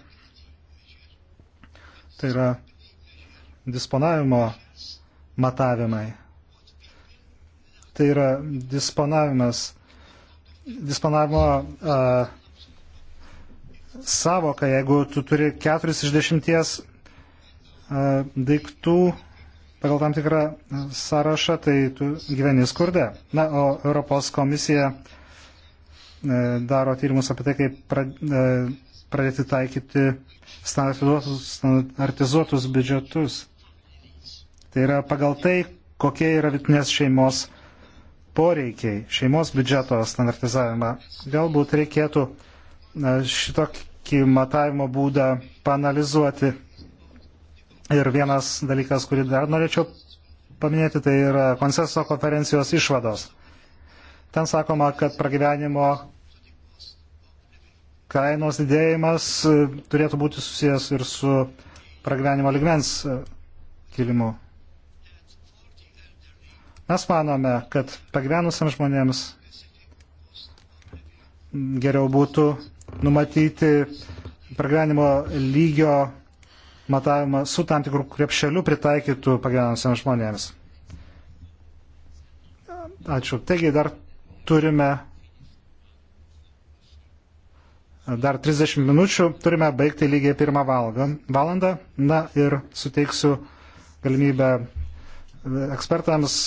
tai yra disponavimo matavimai. Tai yra disponavimas, disponavimo a, savoka, jeigu tu turi keturis iš dešimties daiktų pagal tam tikrą e, sąrašą, tai tu gyveni skurde. Na, o Europos komisija e, daro tyrimus apie tai, kaip e, pradėti taikyti standartizuotus biudžetus. Tai yra pagal tai, kokie yra vidinės šeimos poreikiai, šeimos biudžeto standartizavimą. Galbūt reikėtų šitokį matavimo būdą panalizuoti Ir vienas dalykas, kurį dar norėčiau paminėti, tai yra konsensuso konferencijos išvados. Ten sakoma, kad pragyvenimo kainos didėjimas e, turėtų būti susijęs ir su pragyvenimo ligmens e, kilimu. Mes manome, kad pagyvenusiam žmonėms geriau būtų numatyti pragyvenimo lygio matavimą su tam tikrų krepšelių pritaikytų pagyvenusiems žmonėms. Ačiū. Taigi dar turime dar 30 minučių, turime baigti lygiai pirmą valandą. Na ir suteiksiu galimybę ekspertams,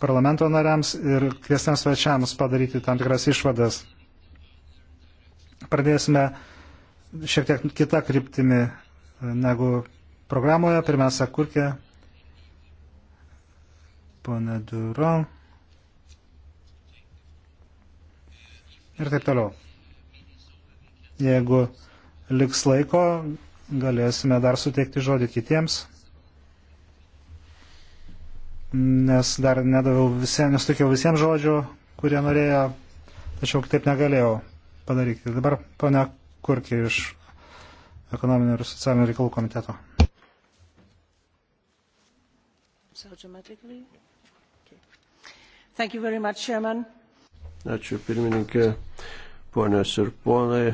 parlamento nariams ir kviesiems svečiams padaryti tam tikras išvadas. Pradėsime šiek tiek kitą kryptimį negu programoje. Pirmiausia, kurkė pone Duro ir taip toliau. Jeigu liks laiko, galėsime dar suteikti žodį kitiems, nes dar nedaviau visiems, nesutikėjau visiems žodžių, kurie norėjo, tačiau taip negalėjau padaryti. Dabar ponia Kurkė iš ekonominio ir socialinio reikalų komiteto. Ačiū pirmininkė, ponios ir ponai.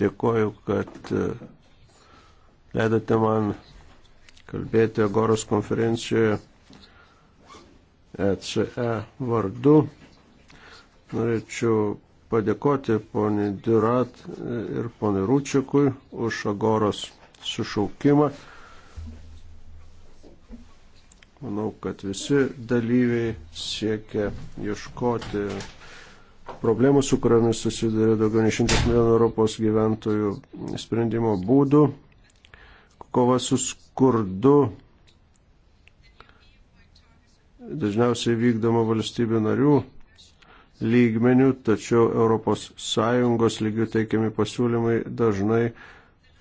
Dėkoju, kad e, leidote man kalbėti Agoros konferencijoje ECE e vardu. Norėčiau padėkoti poniai Durat ir poniai Rūčiakui už Agoros sušaukimą. Manau, kad visi dalyviai siekia ieškoti problemų, su kuriamis susiduria daugiau nei šimtas milijonų Europos gyventojų sprendimo būdų. Kova su skurdu dažniausiai vykdoma valstybių narių lygmenių, tačiau ES lygių teikiami pasiūlymai dažnai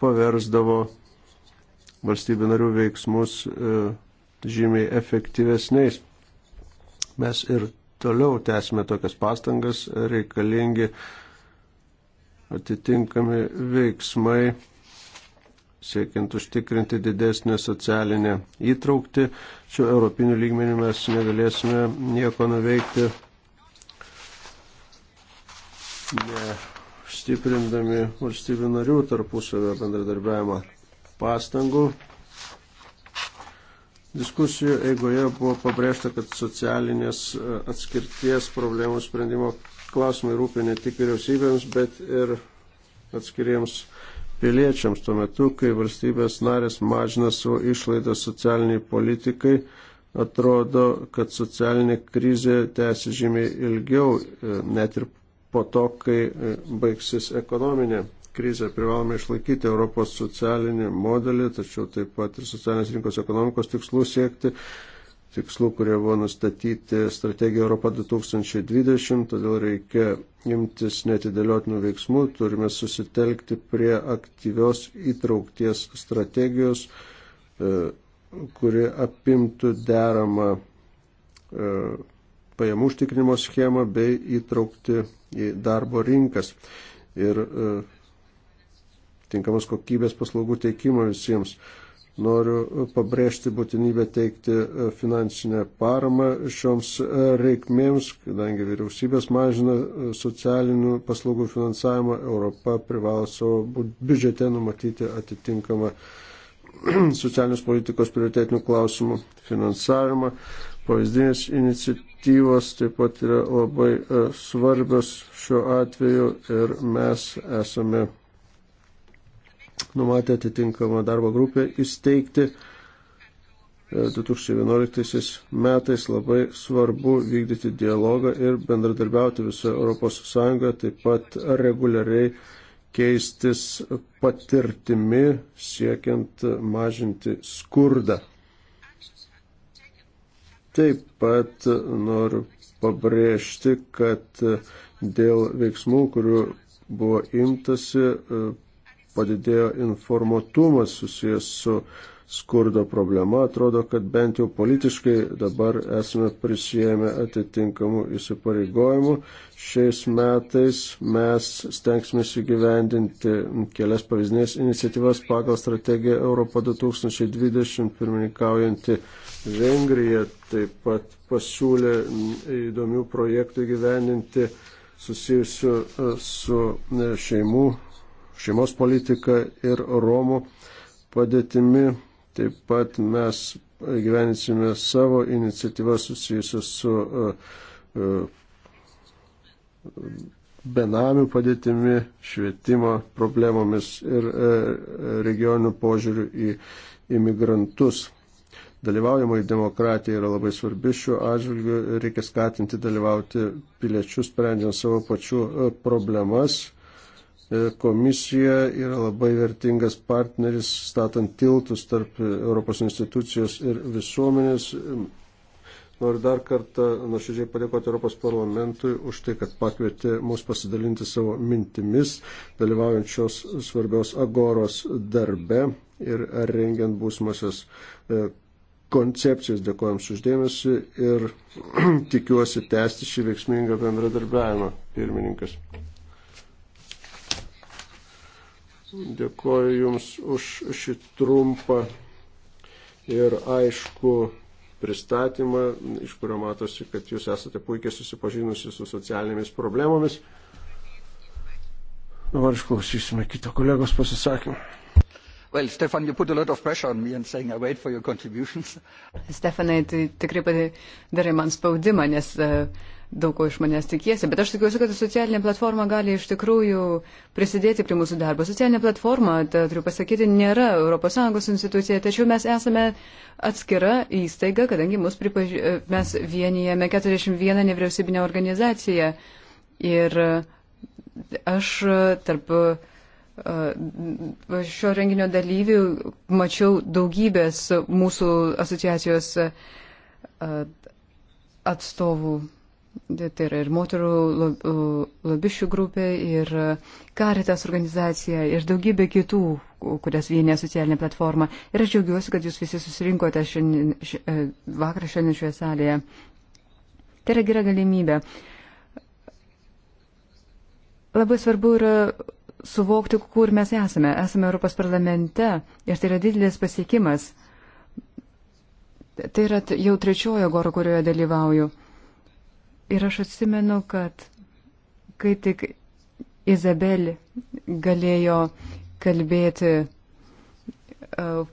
paversdavo valstybių narių veiksmus e, žymiai efektyvesniais. Mes ir toliau tęsime tokias pastangas, reikalingi atitinkami veiksmai siekiant užtikrinti didesnę socialinę įtraukti. Šiuo europiniu lygmeniu mes negalėsime nieko nuveikti stiprindami valstybių narių tarpusavio bendradarbiavimą pastangų. Diskusijų eigoje buvo pabrėžta, kad socialinės e, atskirties problemų sprendimo klausimai rūpi ne tik vyriausybėms, bet ir atskiriems piliečiams. Tuo metu, kai valstybės narės mažina savo išlaidą socialiniai politikai, atrodo, kad socialinė krizė tęsi žymiai ilgiau, e, net ir po to, kai e, baigsis ekonominė krizė. Privalome išlaikyti Europos socialinį modelį, tačiau taip pat ir socialinės rinkos ekonomikos tikslų siekti tikslų, kurie buvo nustatyti strategija Europa 2020, todėl reikia imtis netidėliotinų veiksmų, turime susitelkti prie aktyvios įtraukties strategijos, e, kuri apimtų deramą e, pajamų užtikrinimo schemą bei įtraukti į darbo rinkas ir e, tinkamos kokybės paslaugų teikimą visiems. Noriu e, pabrėžti būtinybę teikti e, finansinę paramą šioms e, reikmėms, kadangi vyriausybės mažina socialinių paslaugų finansavimą, Europa privalo savo biudžete numatyti atitinkamą socialinės politikos prioritetinių klausimų finansavimą. Pavyzdinės iniciatyvos direktyvos taip pat yra labai e, svarbios šiuo atveju ir mes esame numatę atitinkamą darbo grupę įsteigti. 2011 e, metais labai svarbu vykdyti dialogą ir bendradarbiauti visoje Europos Sąjungoje, taip pat reguliariai keistis patirtimi siekiant mažinti skurdą. Taip pat noriu pabrėžti, kad dėl veiksmų, kurių buvo imtasi, padidėjo informuotumas susijęs su skurdo problema. Atrodo, kad bent jau politiškai dabar esame prisijėmę atitinkamų įsipareigojimų. Šiais metais mes stengsime įgyvendinti kelias pavyzdinės iniciatyvas pagal strategiją Europa 2020 pirmininkaujantį Vengriją. Taip pat pasiūlė įdomių projektų įgyvendinti susijusių e, su e, šeimų, šeimos politika ir Romų padėtimi Taip pat mes gyvensime savo iniciatyvas susijusias su e, e, benamių padėtimi, švietimo problemomis ir e, regionų požiūrių į imigrantus. Dalyvaujamoji demokratija yra labai svarbi šiuo atžvilgiu, reikia skatinti dalyvauti piliečius, sprendžiant savo pačių problemas E, komisija yra labai vertingas partneris, statant tiltus tarp Europos institucijos ir visuomenės. Noriu dar kartą nuoširdžiai padėkoti Europos parlamentui už tai, kad pakvietė mus pasidalinti savo mintimis, dalyvaujančios svarbios agoros darbe ir rengiant būsimasios e, koncepcijas. Dėkojom uždėmesi ir tikiuosi tęsti šį veiksmingą bendradarbiavimą, pirmininkas. Dėkoju Jums už šį trumpą ir aišku pristatymą, iš kurio matosi, kad Jūs esate puikiai susipažinusi su socialinėmis problemomis. Dabar išklausysime kito kolegos pasisakymą. Well, Stefan, you put a lot of pressure on me and saying I wait for your contributions. Stefanai, tai tikrai darai man spaudimą, nes e, daug ko iš manęs tikiesi, bet aš tikiuosi, kad socialinė platforma gali iš tikrųjų prisidėti prie mūsų darbo. Socialinė platforma, tai, turiu pasakyti, nėra ES institucija, tačiau mes esame atskira įstaiga, kadangi pripaž... E, mes vienijame 41 nevyriausybinę organizaciją. Ir aš tarp šio renginio dalyvių mačiau daugybės mūsų asociacijos atstovų. Tai, tai yra ir moterų lobišių grupė, ir Karitas organizacija, ir daugybė kitų, kurias vienė socialinė platforma. Ir aš džiaugiuosi, kad jūs visi susirinkote šiandien, ši, e, vakarą šiandien šioje salėje. Tai yra gera galimybė. Labai svarbu yra suvokti, kur mes esame. Esame Europos parlamente ir tai yra didelis pasiekimas. Tai yra jau trečiojo goro, kurioje dalyvauju. Ir aš atsimenu, kad kai tik Izabel galėjo kalbėti uh,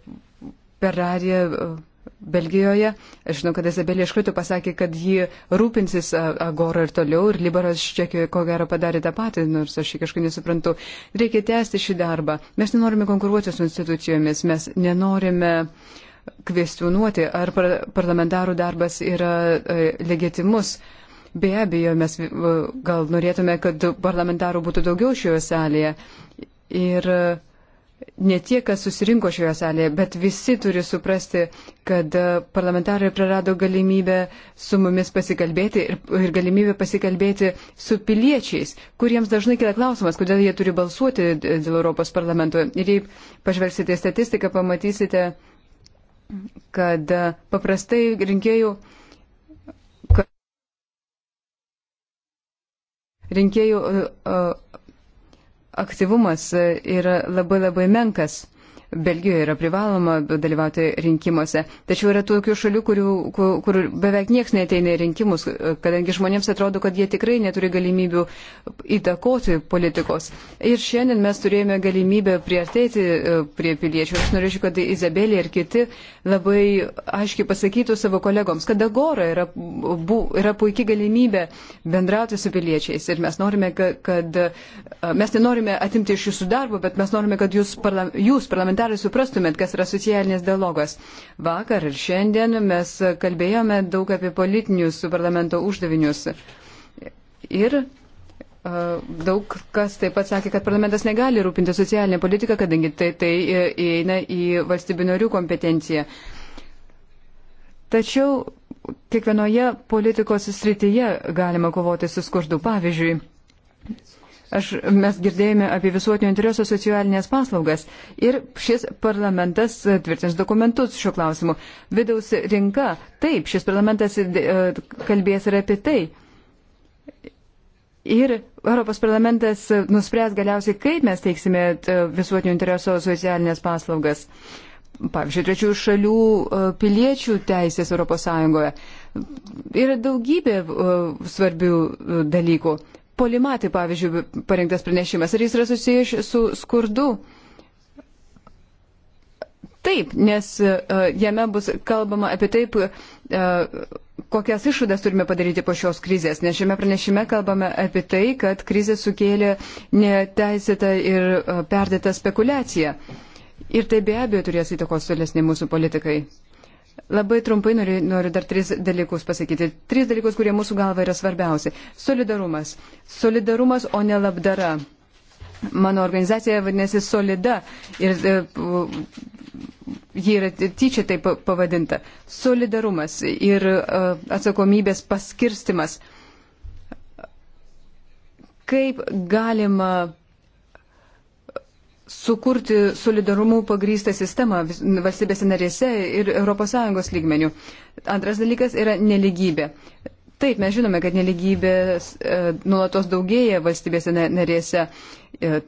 per radiją uh, Belgijoje. Aš žinau, kad Izabelė iš karto pasakė, kad ji rūpinsis Agorą ir toliau, ir Liberas Čekijoje ko gero padarė tą patį, nors aš kažkaip nesuprantu. Reikia tęsti šį darbą. Mes nenorime konkuruoti su institucijomis, mes nenorime kvestionuoti, ar parlamentarų darbas yra e, legitimus. Be abejo, mes e, gal norėtume, kad parlamentarų būtų daugiau šioje salėje. Ir ne tie, kas susirinko šioje salėje, bet visi turi suprasti, kad e, parlamentarai prarado galimybę su mumis pasikalbėti ir, ir galimybę pasikalbėti su piliečiais, kuriems dažnai kila klausimas, kodėl jie turi balsuoti dėl Europos parlamento. Ir jei pažvelgsite statistiką, pamatysite, kad e, paprastai rinkėjų. Rinkėjų uh, uh, aktyvumas yra labai labai menkas. Belgijoje yra privaloma dalyvauti rinkimuose. Tačiau yra tokių šalių, kurių, kur, kur beveik niekas neteina į rinkimus, kadangi žmonėms atrodo, kad jie tikrai neturi galimybių įtakoti politikos. Ir šiandien mes turėjome galimybę priartėti e, prie piliečių. Aš norėčiau, kad Izabelė ir kiti labai aiškiai pasakytų savo kolegoms, kad Agora yra, bu, yra puikia galimybė bendrauti su piliečiais. Ir mes norime, kad, kad e, mes nenorime atimti iš jūsų darbo, bet mes norime, kad jūs, parla, jūs parlamentarai dar suprastumėt, kas yra socialinis dialogas. Vakar ir šiandien mes kalbėjome daug apie politinius parlamento uždavinius. Ir e, daug kas taip pat sakė, kad parlamentas negali rūpinti socialinę politiką, kadangi tai, tai e, įeina į valstybių narių kompetenciją. Tačiau kiekvienoje politikos srityje galima kovoti su skurdu. Pavyzdžiui, Aš, mes girdėjome apie visuotinio intereso socialinės paslaugas ir šis parlamentas e, tvirtins dokumentus šiuo klausimu. Vidaus rinka, taip, šis parlamentas e, e, kalbės ir apie tai. Ir Europos parlamentas nuspręs galiausiai, kaip mes teiksime visuotinio intereso socialinės paslaugas. Pavyzdžiui, trečiųjų šalių piliečių teisės ES. Yra daugybė svarbių dalykų. Polimatį, pavyzdžiui, parengtas pranešimas, ar jis yra susijęs su skurdu? Taip, nes uh, jame bus kalbama apie taip, uh, kokias išvadas turime padaryti po šios krizės, nes šiame pranešime kalbame apie tai, kad krizė sukėlė neteisėtą ir uh, perdėtą spekulaciją. Ir tai be abejo turės įtakos tolesnė mūsų politikai. Labai trumpai noriu, noriu dar tris dalykus pasakyti. Tris dalykus, kurie mūsų galva yra svarbiausi. Solidarumas. Solidarumas, o ne labdara. Mano organizacija vadinasi Solida ir e, ji yra tyčia taip pavadinta. Solidarumas ir e, atsakomybės paskirstimas. Kaip galima sukurti solidarumų pagrystą sistemą valstybėse narėse ir ES lygmenių. Antras dalykas yra neligybė. Taip, mes žinome, kad neligybė e, nulatos daugėja valstybėse narėse. E,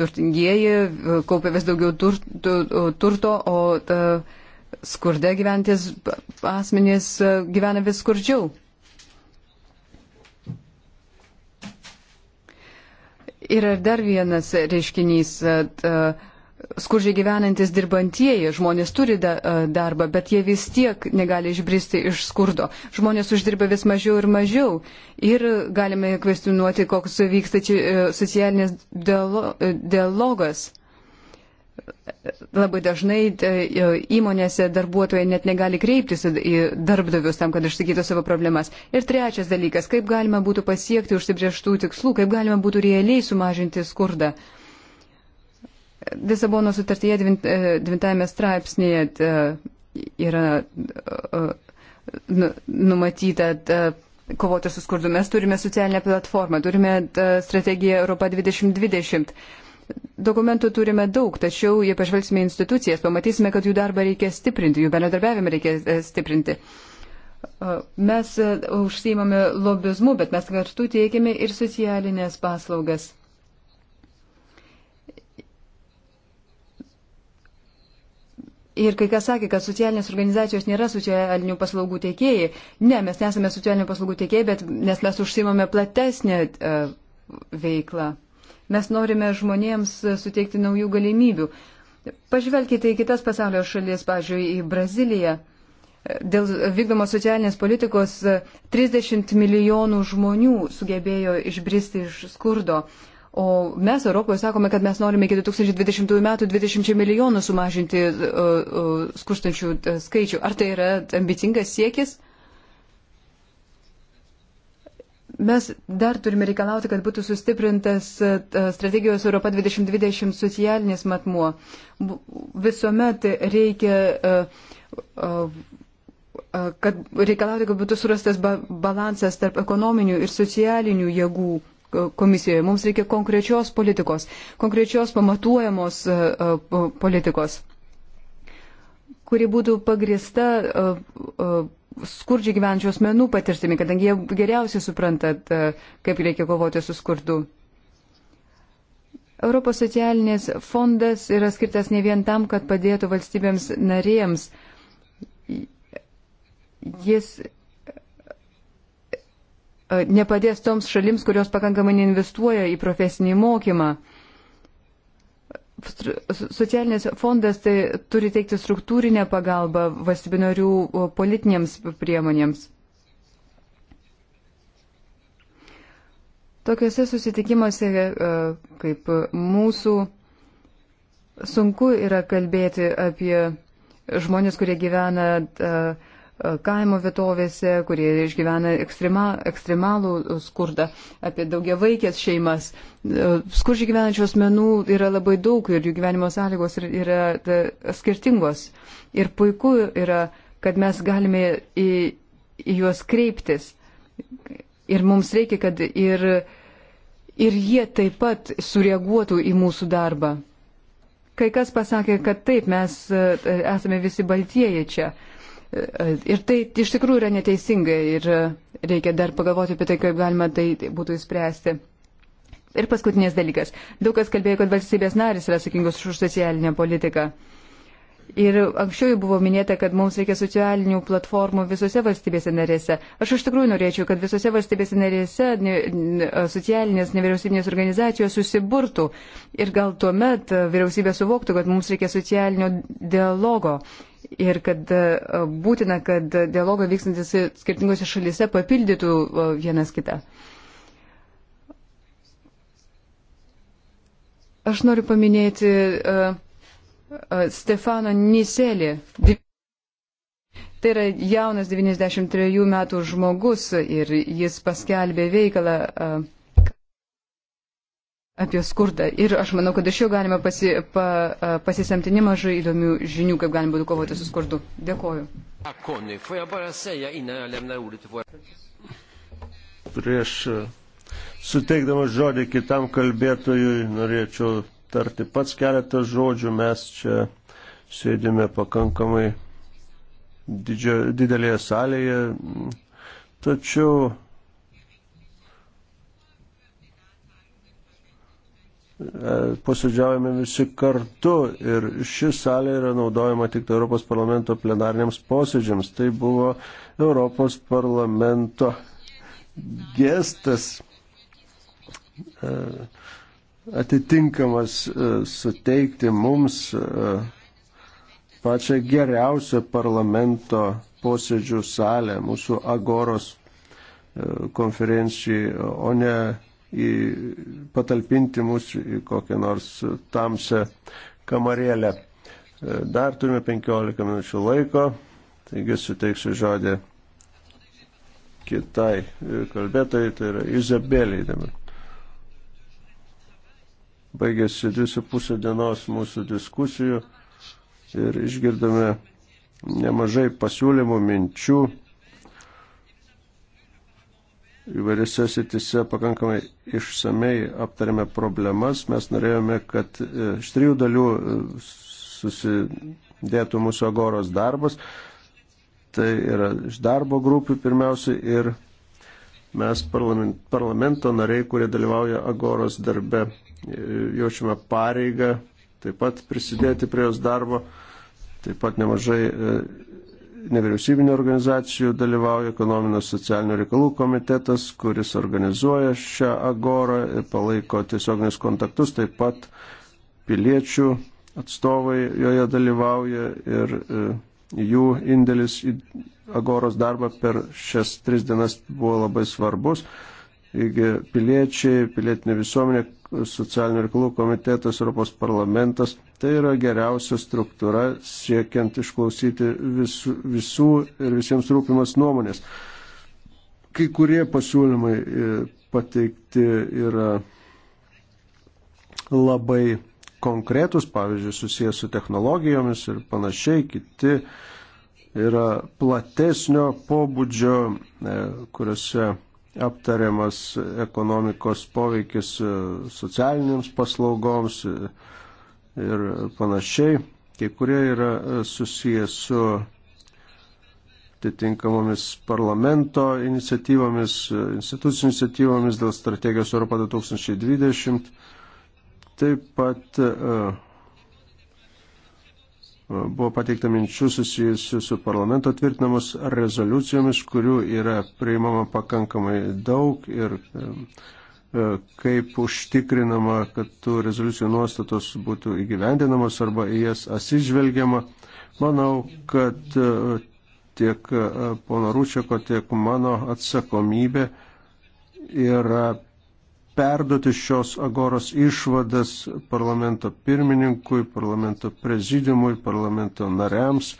turtingieji e, kaupia vis daugiau turto, o skurde gyventis asmenys gyvena vis skurdžiau. Yra dar vienas reiškinys. Skurdžiai gyvenantis dirbantieji žmonės turi da, darbą, bet jie vis tiek negali išbristi iš skurdo. Žmonės uždirba vis mažiau ir mažiau. Ir galime kvestionuoti, koks vyksta čia e, socialinis e, dialogas. Labai dažnai e, e, įmonėse darbuotojai net negali kreiptis į darbdavius tam, kad išsakytų savo problemas. Ir trečias dalykas, kaip galima būtų pasiekti užsibrieštų tikslų, kaip galima būtų realiai sumažinti skurdą. Lisabono sutartyje 9 e, straipsnėje yra nu, numatyta kovoti su skurdu. Mes turime socialinę platformą, turime strategiją Europa 2020. Dokumentų turime daug, tačiau jei pažvelgsime į institucijas, pamatysime, kad jų darbą reikia stiprinti, jų bendradarbiavimą reikia e, stiprinti. E, mes e, užsiimame lobizmu, bet mes kartu teikiame ir socialinės paslaugas. Ir kai kas sakė, kad socialinės organizacijos nėra socialinių paslaugų teikėjai. Ne, mes nesame socialinių paslaugų teikėjai, bet nes mes užsimame platesnę uh, veiklą. Mes norime žmonėms suteikti naujų galimybių. Pažvelkite į kitas pasaulio šalis, pažiūrėjau, į Braziliją. Dėl vykdomos socialinės politikos 30 e, milijonų žmonių sugebėjo išbristi iš skurdo. O mes Europoje sakome, kad mes norime iki 2020 metų 20 milijonų sumažinti uh, uh, skurstančių uh, skaičių. Ar tai yra ambicingas siekis? Uh, Mes dar turime reikalauti, kad būtų sustiprintas e, e, strategijos Europa 2020 socialinis matmuo. Visuomet reikia, e, kad reikalauti, kad būtų surastas balansas tarp ekonominių ir socialinių jėgų komisijoje. Mums reikia konkrečios politikos, konkrečios pamatuojamos politikos, kuri būtų pagrista skurdžiai gyvenčių asmenų patirtimi, kadangi jie geriausiai supranta, kaip reikia kovoti su skurdu. Europos socialinės fondas yra skirtas ne vien tam, kad padėtų valstybėms narėms. Jis e, nepadės toms šalims, kurios pakankamai neinvestuoja į profesinį mokymą socialinis fondas tai turi teikti struktūrinę pagalbą valstybinarių politinėms priemonėms. Tokiuose susitikimuose e, kaip mūsų sunku yra kalbėti apie žmonės, kurie gyvena uh, kaimo vietovėse, kurie išgyvena ekstrema, ekstremalų skurdą, apie daugiavaikės šeimas. Skurdžiai gyvenančių asmenų yra labai daug ir jų gyvenimo sąlygos yra, yra skirtingos. Ir puiku yra, kad mes galime į, į juos kreiptis. Ir mums reikia, kad ir, ir jie taip pat sureaguotų į mūsų darbą. Kai kas pasakė, kad taip, mes e, esame visi baltieji čia. Ir tai iš tikrųjų yra neteisinga ir reikia dar pagalvoti apie tai, kaip galima tai būtų įspręsti. Ir paskutinis dalykas. Daug kas kalbėjo, kad valstybės narys yra atsakingus už socialinę politiką. Ir anksčiau jau buvo minėta, kad mums reikia socialinių platformų visose valstybėse narėse. Aš iš tikrųjų norėčiau, kad visose valstybėse narėse socialinės nevyriausybinės organizacijos susiburtų ir gal tuomet e, vyriausybė suvoktų, kad mums reikia socialinio dialogo ir kad e, būtina, kad dialogo vykstantis skirtingose šalise papildytų e, vienas kitą. Aš noriu paminėti. Uh, Stefano Niselį. Tai yra jaunas 93 metų žmogus ir jis paskelbė veikalą apie skurdą. Ir aš manau, kad iš jo galime pasi, pa, pasisemti nemažai įdomių žinių, kaip galima būtų kovoti su skurdu. Dėkoju. Prieš suteikdamas žodį kitam kalbėtojui norėčiau tarti pats keletą žodžių. Mes čia sėdime pakankamai didžio, didelėje salėje, tačiau e, posėdžiaujame visi kartu ir ši salė yra naudojama tik Europos parlamento plenariniams posėdžiams. Tai buvo Europos parlamento gestas. E, atitinkamas e, suteikti mums e, pačią geriausią parlamento posėdžių salę, mūsų agoros e, konferencijai, o ne į patalpinti mus į kokią nors tamsią kamarėlę. Dar turime 15 minučių laiko, taigi suteiksiu žodį kitai kalbėtojai, tai yra Izabeliai dabar baigėsi 2,5 dienos mūsų diskusijų ir išgirdome nemažai pasiūlymų, minčių įvairiose sitise pakankamai išsamei aptarėme problemas. Mes norėjome, kad e, iš trijų dalių e, susidėtų mūsų agoros darbas. Tai yra iš darbo grupių pirmiausia ir mes parlament, parlamento nariai, kurie dalyvauja agoros darbe jaučiame pareigą taip pat prisidėti prie jos darbo, taip pat nemažai e, nevyriausybinio organizacijų dalyvauja ekonominio socialinio reikalų komitetas, kuris organizuoja šią agorą ir e, palaiko tiesioginius kontaktus, taip pat piliečių atstovai joje dalyvauja ir e, jų indėlis į agoros darbą per šias tris dienas buvo labai svarbus. Taigi piliečiai, pilietinė visuomenė socialinių reikalų komitetas, Europos parlamentas. Tai yra geriausia struktūra siekiant išklausyti visų, visų ir visiems rūpimas nuomonės. Kai kurie pasiūlymai e, pateikti yra labai konkretus, pavyzdžiui, susijęs su technologijomis ir panašiai, kiti yra platesnio pobūdžio, e, kuriuose aptariamas ekonomikos poveikis e, socialinėms paslaugoms e, ir panašiai. Kai kurie yra e, susijęs su atitinkamomis parlamento iniciatyvomis, institucijų iniciatyvomis dėl strategijos Europa 2020. Taip pat uh, buvo pateikta minčių susijusių su parlamento tvirtinamos rezoliucijomis, kurių yra priimama pakankamai daug ir e, kaip užtikrinama, kad tų rezoliucijų nuostatos būtų įgyvendinamos arba į jas atsižvelgiama. Manau, kad e, tiek e, pono Rūčiako, tiek mano atsakomybė yra perduoti šios agoros išvadas parlamento pirmininkui, parlamento prezidiumui, parlamento nariams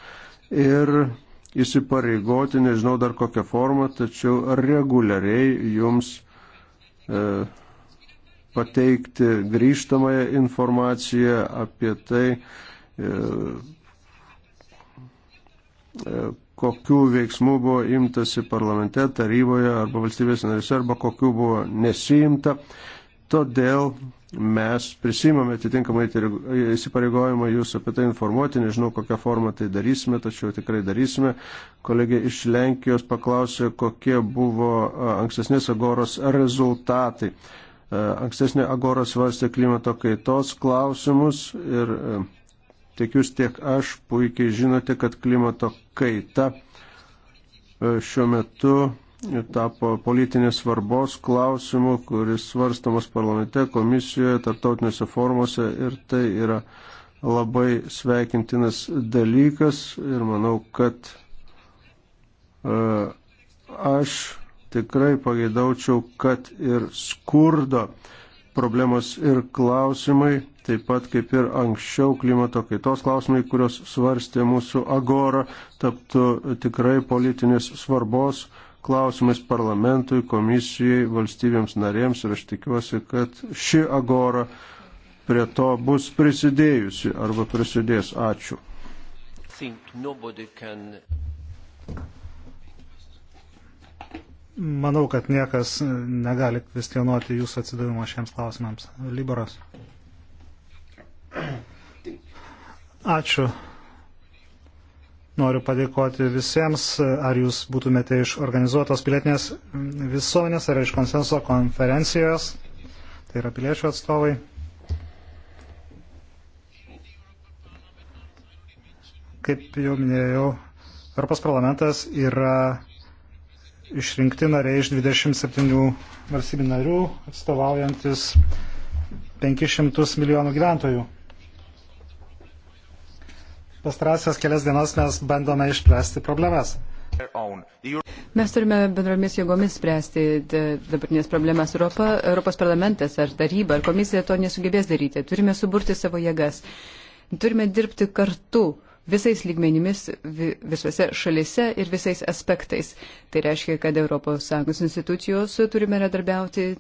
ir įsipareigoti, nežinau dar kokią formą, tačiau reguliariai jums e, pateikti grįžtamąją informaciją apie tai, e, e, kokių veiksmų buvo imtasi parlamente, taryboje arba valstybės narėse, arba kokių buvo nesiimta. Todėl mes prisimame atitinkamai įsipareigojimą jūs apie tai informuoti, nežinau kokią formą tai darysime, tačiau tikrai darysime. Kolegė iš Lenkijos paklausė, kokie buvo ankstesnės agoros rezultatai. Ankstesnė agora svarstė klimato kaitos klausimus ir tiek jūs, tiek aš puikiai žinote, kad klimato kaita e, šiuo metu tapo politinės svarbos klausimu, kuris svarstamas parlamente, komisijoje, tarptautinėse formose ir tai yra labai sveikintinas dalykas ir manau, kad e, aš tikrai pageidaučiau, kad ir skurdo problemos ir klausimai taip pat kaip ir anksčiau klimato kaitos klausimai, kurios svarstė mūsų agora, taptų tikrai politinės svarbos klausimais parlamentui, komisijai, valstybėms narėms ir aš tikiuosi, kad ši agora prie to bus prisidėjusi arba prisidės. Ačiū. Manau, kad niekas negali kvestionuoti jūsų atsidavimo šiems klausimams. Liberas. Ačiū. Noriu padėkoti visiems, ar jūs būtumėte iš organizuotos pilietinės visuomenės ar iš konsenso konferencijos, tai yra piliečių atstovai. Kaip jau minėjau, Europos parlamentas yra išrinkti nariai iš 27 valstybių narių, atstovaujantis 500 milijonų gyventojų pastarąsias kelias dienas mes bandome išspręsti problemas. Mes turime bendromis jėgomis spręsti dabartinės problemas. Europa, Europos parlamentas ar taryba ar komisija to nesugebės daryti. Turime suburti savo jėgas. Turime dirbti kartu visais lygmenimis visose šalise ir visais aspektais. Tai reiškia, kad ES institucijos turime redarbiauti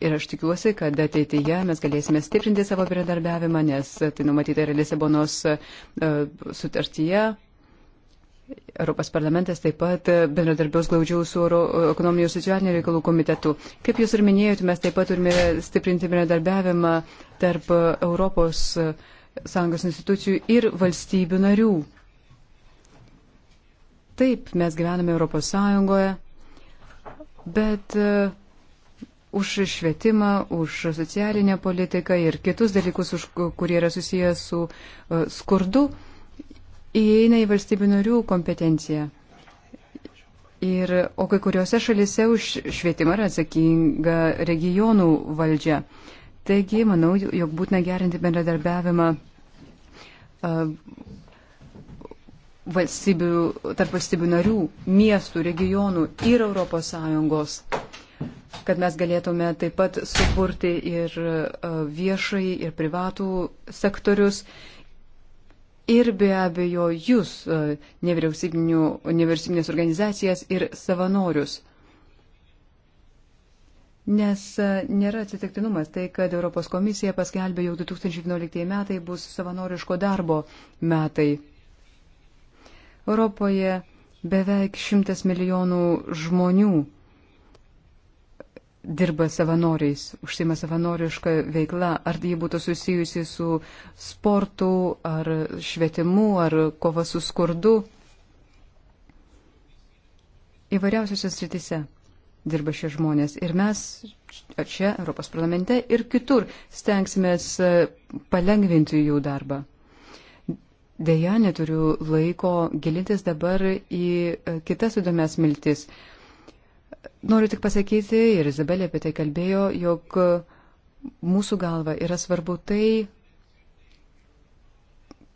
Ir aš tikiuosi, kad ateityje mes galėsime stiprinti savo bendradarbiavimą, nes tai numatyta yra Lisabonos e, sutartyje. Europos parlamentas taip pat bendradarbiaus glaudžiau su Euro ekonomijos socialinio reikalų komitetu. Kaip jūs ir minėjote, mes taip pat turime stiprinti bendradarbiavimą tarp Europos e, sąjungos institucijų ir valstybių narių. Taip, mes gyvename Europos sąjungoje, bet uh, už švietimą, už socialinę politiką ir kitus dalykus, už, kurie yra susijęs su e, skurdu, įeina į valstybių narių kompetenciją. Ir, o kai kuriuose šalise už švietimą yra atsakinga regionų valdžia. Taigi, manau, jog būtina gerinti bendradarbiavimą e, valstybių, tarp valstybių narių, miestų, regionų ir ES kad mes galėtume taip pat suburti ir e, viešai, ir privatų sektorius. Ir be abejo, jūs, e, nevyriausybinės organizacijas ir savanorius. Nes e, nėra atsitiktinumas tai, kad Europos komisija paskelbė jau 2011 metai bus savanoriško darbo metai. Europoje beveik šimtas milijonų žmonių dirba savanoriais, užsima savanorišką veiklą, ar jie būtų susijusi su sportu, ar švietimu, ar kova su skurdu. Įvairiausiose sritise dirba šie žmonės. Ir mes čia, Europos parlamente, ir kitur stengsimės palengvinti jų darbą. Deja, neturiu laiko gilintis dabar į kitas įdomias miltis Noriu tik pasakyti, ir Izabelė apie tai kalbėjo, jog mūsų galva yra svarbu tai,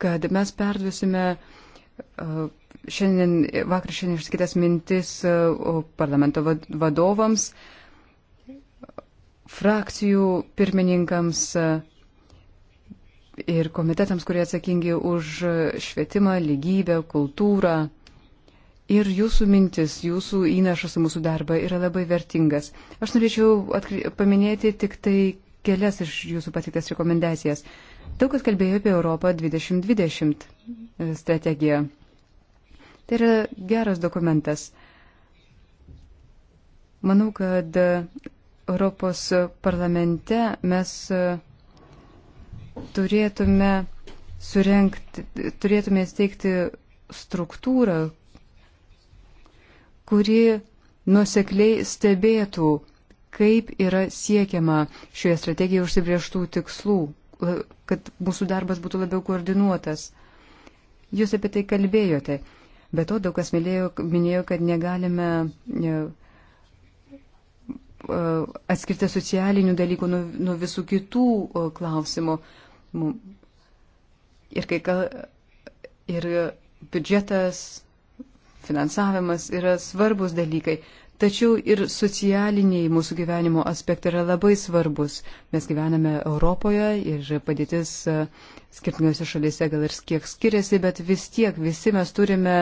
kad mes perdusime šiandien, vakar šiandien išsakytas mintis parlamento vadovams, frakcijų pirmininkams ir komitetams, kurie atsakingi už švietimą, lygybę, kultūrą. Ir jūsų mintis, jūsų įnašas į mūsų darbą yra labai vertingas. Aš norėčiau atkri... paminėti tik tai kelias iš jūsų patiktas rekomendacijas. Daug kas kalbėjo apie Europą 2020 e, strategiją. Tai yra geras dokumentas. Manau, kad Europos parlamente mes e, turėtume surenkti, turėtume steigti struktūrą, kuri nusekliai stebėtų, kaip yra siekiama šioje strategijoje užsibrieštų tikslų, e, kad mūsų darbas būtų labiau koordinuotas. Jūs apie tai kalbėjote. Be to, daug kas mylėjo, minėjo, kad negalime e, e, atskirti socialinių dalykų nuo, nuo visų kitų klausimų. Ir, kai, ir biudžetas, finansavimas yra svarbus dalykai, tačiau ir socialiniai mūsų gyvenimo aspektai yra labai svarbus. Mes gyvename Europoje ir padėtis e, skirtingose šalyse gal ir kiek skiriasi, bet vis tiek visi mes turime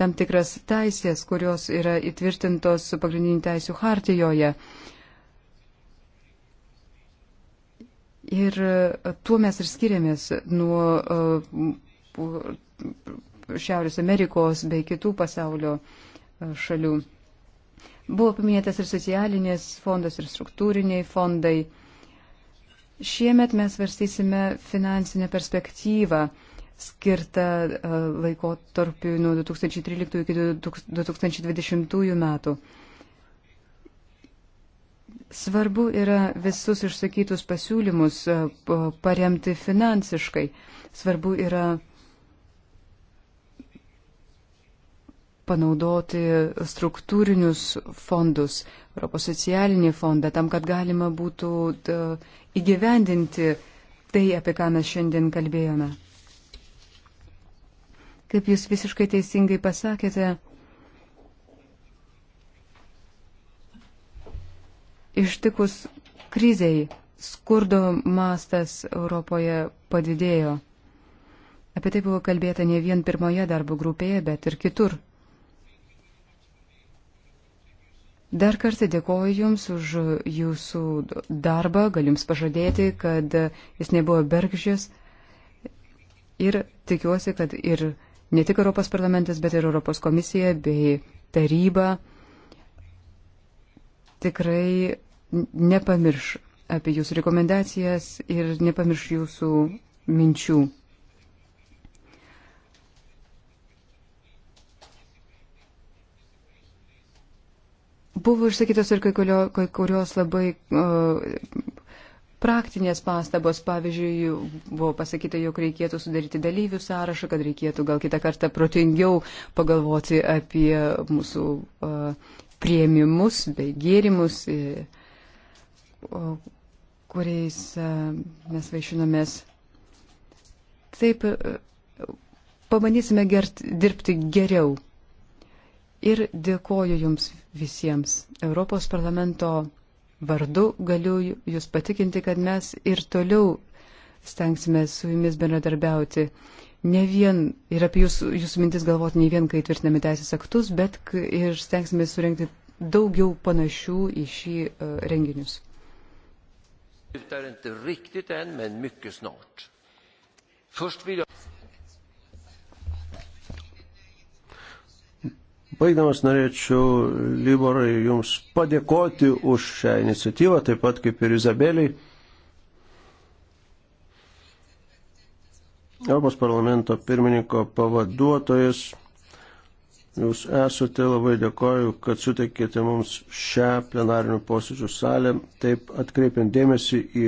tam tikras teisės, kurios yra įtvirtintos pagrindinių teisų hartijoje. Ir e, tuo mes ir skiriamės nuo e, Šiaurės Amerikos bei kitų pasaulio e, šalių. Buvo paminėtas ir socialinės fondas, ir struktūriniai fondai. Šiemet mes varstysime finansinę perspektyvą skirtą e, laikotarpiu nuo 2013 iki 2020 metų. Svarbu yra visus išsakytus pasiūlymus e, paremti finansiškai. Svarbu yra panaudoti struktūrinius fondus, Europos socialinį fondą, tam, kad galima būtų įgyvendinti tai, apie ką mes šiandien kalbėjome. Kaip jūs visiškai teisingai pasakėte, ištikus kriziai skurdo mastas Europoje padidėjo. Apie tai buvo kalbėta ne vien pirmoje darbo grupėje, bet ir kitur. Dar kartą dėkoju Jums už Jūsų darbą, galiu Jums pažadėti, kad jis nebuvo bergždžias ir tikiuosi, kad ir ne tik Europos parlamentas, bet ir Europos komisija bei taryba tikrai nepamirš apie Jūsų rekomendacijas ir nepamirš Jūsų minčių. Buvo išsakytos ir kai, kurio, kai kurios labai uh, praktinės pastabos. Pavyzdžiui, buvo pasakyta, jog reikėtų sudaryti dalyvių sąrašą, kad reikėtų gal kitą kartą protingiau pagalvoti apie mūsų uh, prieimimus bei gėrimus, uh, kuriais uh, mes vaišinomės. Taip, uh, e, pabandysime gert, dirbti geriau ir dėkoju Jums visiems. Europos parlamento vardu galiu Jūs patikinti, kad mes ir toliau stengsime su Jumis bendradarbiauti. Ne vien ir apie jūsų, jūsų mintis galvoti ne vien, kai tvirtiname teisės aktus, bet ir stengsime surenkti daugiau panašių į šį uh, renginius. Utan inte riktigt än, men mycket snart. Först vill jag... Baigdamas norėčiau, Liborai, Jums padėkoti už šią iniciatyvą, taip pat kaip ir Izabeliai. Europos parlamento pirmininko pavaduotojas. Jūs esate labai dėkoju, kad suteikėte mums šią plenarinių posėdžių salę, taip atkreipiant dėmesį į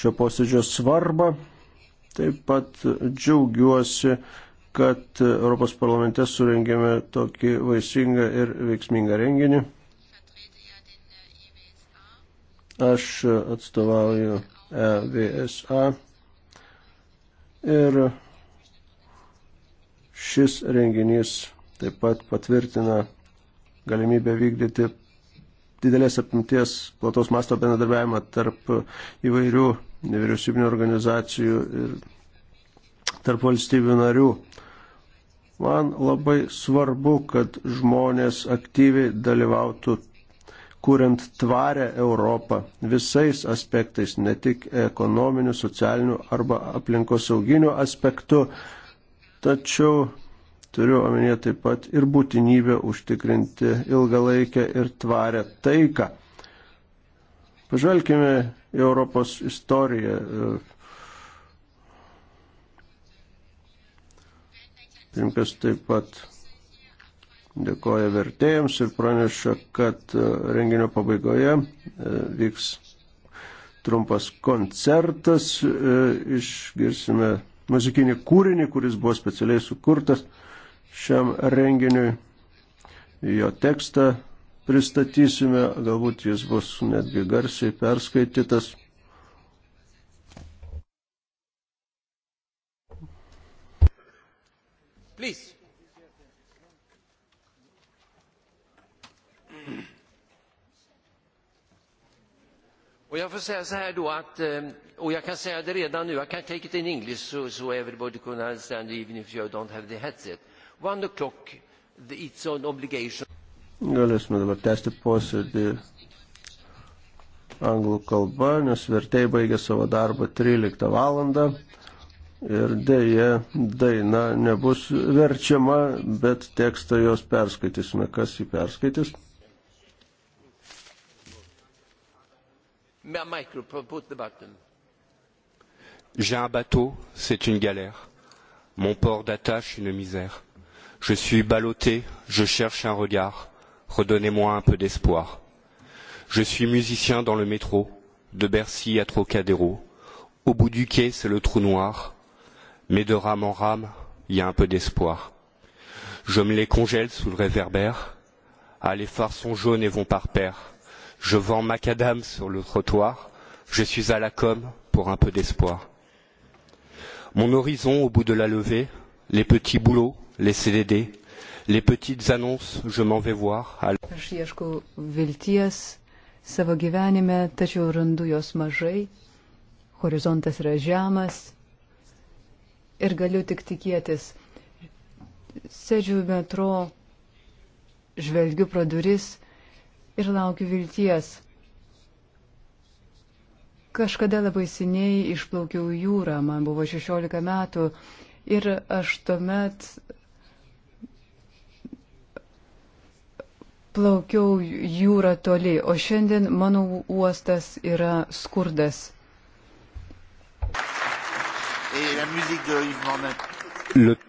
šio posėdžio svarbą. Taip pat džiaugiuosi, kad Europos parlamente surengėme tokį vaisingą ir veiksmingą renginį. Aš atstovauju EVSA ir šis renginys taip pat patvirtina galimybę vykdyti didelės apimties plataus masto bendradarbiavimą tarp įvairių nevyriausybinių organizacijų ir tarp valstybių narių. Man labai svarbu, kad žmonės aktyviai dalyvautų kuriant tvarę Europą visais aspektais, ne tik ekonominiu, socialiniu arba aplinkosauginiu aspektu, tačiau turiu omenyje taip pat ir būtinybę užtikrinti ilgalaikę ir tvarę taiką. Pažvelkime į Europos istoriją. Pirmkas taip pat dėkoja vertėjams ir praneša, kad e, renginio pabaigoje e, vyks trumpas koncertas. E, išgirsime muzikinį kūrinį, kuris buvo specialiai sukurtas šiam renginiui. Jo tekstą pristatysime, galbūt jis bus netgi garsiai perskaitytas. Please. Och jag får säga så här då att, eh, och jag kan säga det redan nu, I can take it in English so, so everybody can understand even if you don't have the headset. One o'clock, it's an obligation. Galėsime nu dabar tęsti posėdį anglų kalba, nes vertėjai baigė savo darbą 13 valandą ir dėje daina nebus verčiama, bet tekstą jos perskaitysime. Kas jį perskaitys? J'ai un bateau, c'est une galère. Mon port d'attache, une misère. Je suis ballotté, je cherche un regard. Redonnez-moi un peu d'espoir. Je suis musicien dans le métro, de Bercy à Trocadéro. Au bout du quai, c'est le trou noir mais de rame en rame, il y a un peu d'espoir. Je me les congèle sous le réverbère. Ah, les phares sont jaunes et vont par paire. Je vends macadam sur le trottoir. Je suis à la com pour un peu d'espoir. Mon horizon au bout de la levée, les petits boulots, les CDD, les petites annonces, je m'en vais voir. À... Aš ieškau vilties savo gyvenime, tačiau randu jos mažai. Horizontas yra žemas, ir galiu tik tikėtis. Sėdžiu metro, žvelgiu pro duris ir laukiu vilties. Kažkada labai seniai išplaukiau jūrą, man buvo 16 metų ir aš tuomet plaukiau jūrą toli, o šiandien mano uostas yra skurdas.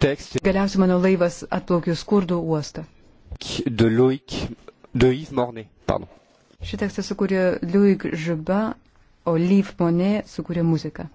Texte... Galiausiai mano laivas atplaukė skurdo uostą. De Loic, de Yves Mornay, pardon. Šį tekstą sukūrė Louis Žuba, o Lyv Monet sukūrė muziką.